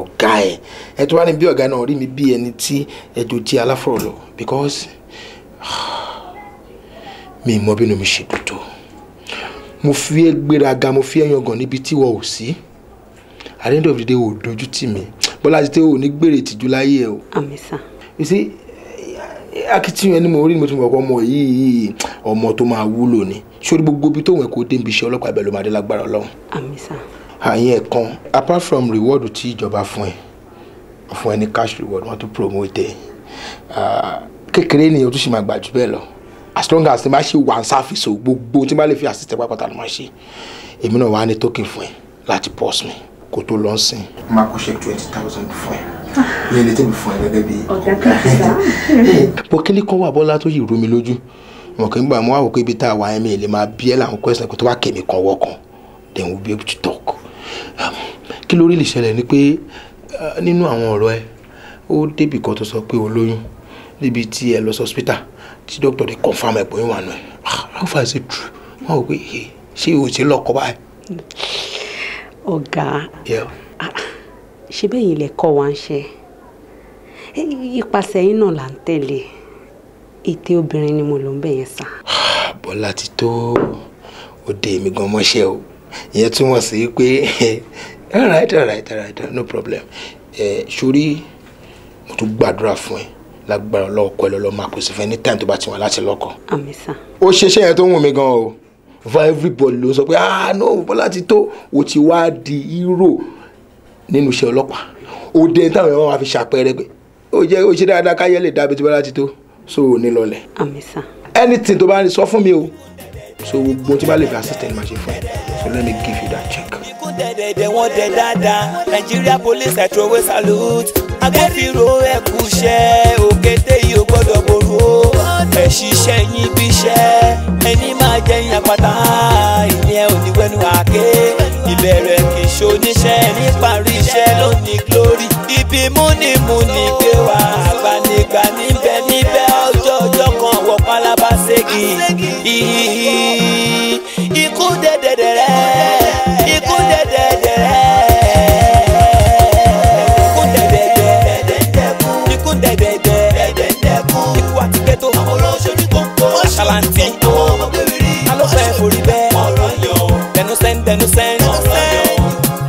ọ̀gá ẹ̀ ẹ tó wá ní bí ọ̀gá náà rí mi bí ẹni tí ẹjọ́ jẹ́ aláfọ̀rọ̀ lọ because mi mọ bínú mi ṣe dúdú mo fi é gbéraga mo fi é yangàn níbi tí wọ́n ò sí at the end of the day ò dojú tì mí bọ́lá ti tẹ́ ò ní gbèrè tìjú láyé ẹ o. àmì sà. you see akitiyan ni mo rí ni mo ti mọ̀ ọkọ ọmọ yìí ọmọ tó máa wúlò ni sórí gbogbo ibi tóun ẹ̀ kó dé ibi iṣẹ́ ọlọ́pàá ibẹ̀ ló máa dé lágbára ọlọ́run. àmì ẹ̀kan apart from reward tí ìjọba fún ẹ fún ẹ ní cash reward wọn tún promote ẹ ah, kékeré ni o tún ṣe máa gbà jù bẹ́ẹ̀ lọ as long as ti máa ṣe wà ń sáfìsì o gbogbo tí máa lè fi assist ẹ pápátá ló máa ṣe èmi náà wàá ní token fún ẹ láti pause mi kó tó lọ sìn. máa kó ṣe twenty thousand fún ẹ ní ilé tẹ́mi fún ẹ gẹ́gẹ́ bí. ọ̀gá kan sá. bọ́kẹ́lì kan wà bọ́lá tó yìí rú mi lójú mo kì í gbà mo wá wò pé ibi tá a wà ẹ́ mi lè máa bí ẹ́ làwọn question kò tó wá kèmí kan wọ́kan then we be able to talk. Um, kí lórí lè ṣẹlẹ̀ ni pé uh, nínú àwọn ọ̀rọ̀ ẹ ó débì kan tó sọ pé o lóyún níbi tí ẹ lọ sọ́spítà tí dókítà dé confam ẹ̀ pòyún wà nù ẹ̀ ah, how far is it true wọ́n wò pé ṣé o ti lọ́kọ báyìí. ọ̀gá ah, ṣe bẹ́ẹ̀ yìí lè kọ́ wa ń ṣe ipasẹ̀ yín náà là ń tẹ̀lé ète obìnrin ni mo lò ń bẹ̀ yẹn sà. bọ́lá ti tó òde mi gan mọ́ṣẹ́ o ìyẹn túmọ̀ sí pé all right alright, right all no problem ẹ sórí mo tún gbàdúrà fún ẹ lágbára ọlọ́ọ̀kọ́ ẹ lọ́lọ́ máa kò sí fún ẹ ní time tó bá ti wọn láti lọ́kọ̀. àmín sà. ó ṣeṣẹ́ yẹn tó ń wù mí gan o for everybody ló sọ pé ah no bọ́lá ti tó o ti wá di hero nínú iṣẹ́ ọlọ́pàá òde táwọn èèyàn máa fi ṣàpẹẹrẹ pé ó jẹ́ ó ṣe dáadáa káyẹ́ lè dábẹ́ tí bọ́lá ti tó so ò ní lọlẹ̀. anything tó bá ní sọ fún mi o so gbogbo tí bá lè fi assistant máa ṣe fún ẹ so let me give you that check. ikú dẹ̀dẹ̀dẹ̀ wọ́n dẹ̀ dáadáa Nigeria police ẹ̀tọ́wé salute agbófinró ẹ̀kú iṣẹ́ òkété yìí ò gbọ́dọ̀ ború o ẹ̀ ṣiṣẹ́ yín bí iṣẹ́ ẹni máa jẹ yín àpáta ìyẹn ò ní wẹ́nu àáké ìbẹ̀rẹ̀ kì í ṣoníṣẹ́ ní parí iṣẹ́ ló ní glory ibi múnimúni gbé wa àgbànigbà níbẹ̀ níbẹ̀. Abasegi Iku dẹ̀dẹ̀ rẹ̀ ikú dẹ̀dẹ̀ rẹ̀. ṣalanti. alo fẹ́ forí bẹ́ẹ̀. ọ̀rọ̀ yọ. tẹnu sẹ́n tẹnu sẹ́n. ọ̀rọ̀ yọ.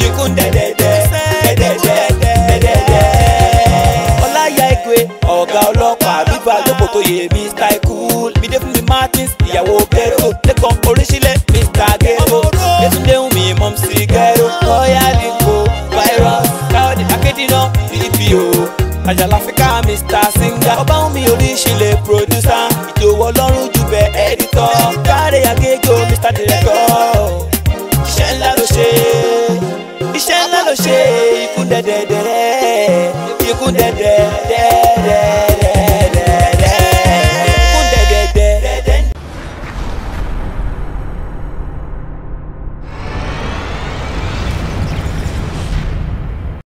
ikú dẹ̀dẹ̀dẹ̀ dẹ̀dẹ̀dẹ̀ dẹ̀dẹ̀dẹ̀. ọláyà ekwe ọ̀gá ọlọ́pàá bíbá àjọpọ̀ tó yẹ mí style. Bídé fún mi Martins ìyàwó ghetto Lẹ́kàn oríṣìílẹ̀ Mr. Ghetto Yétúndé ń mi mọ̀ sí ghetto Lọ́yà Dínkù Virus Káyọ̀dé Akédìnà BPO Àjàlá Áfíríkà Mr. Singer Ọba ń mi oríṣìílẹ̀ producer Ìjòwò Ọlọ́run jù bẹ́ẹ̀ editor Káre Agégo Mr. Director.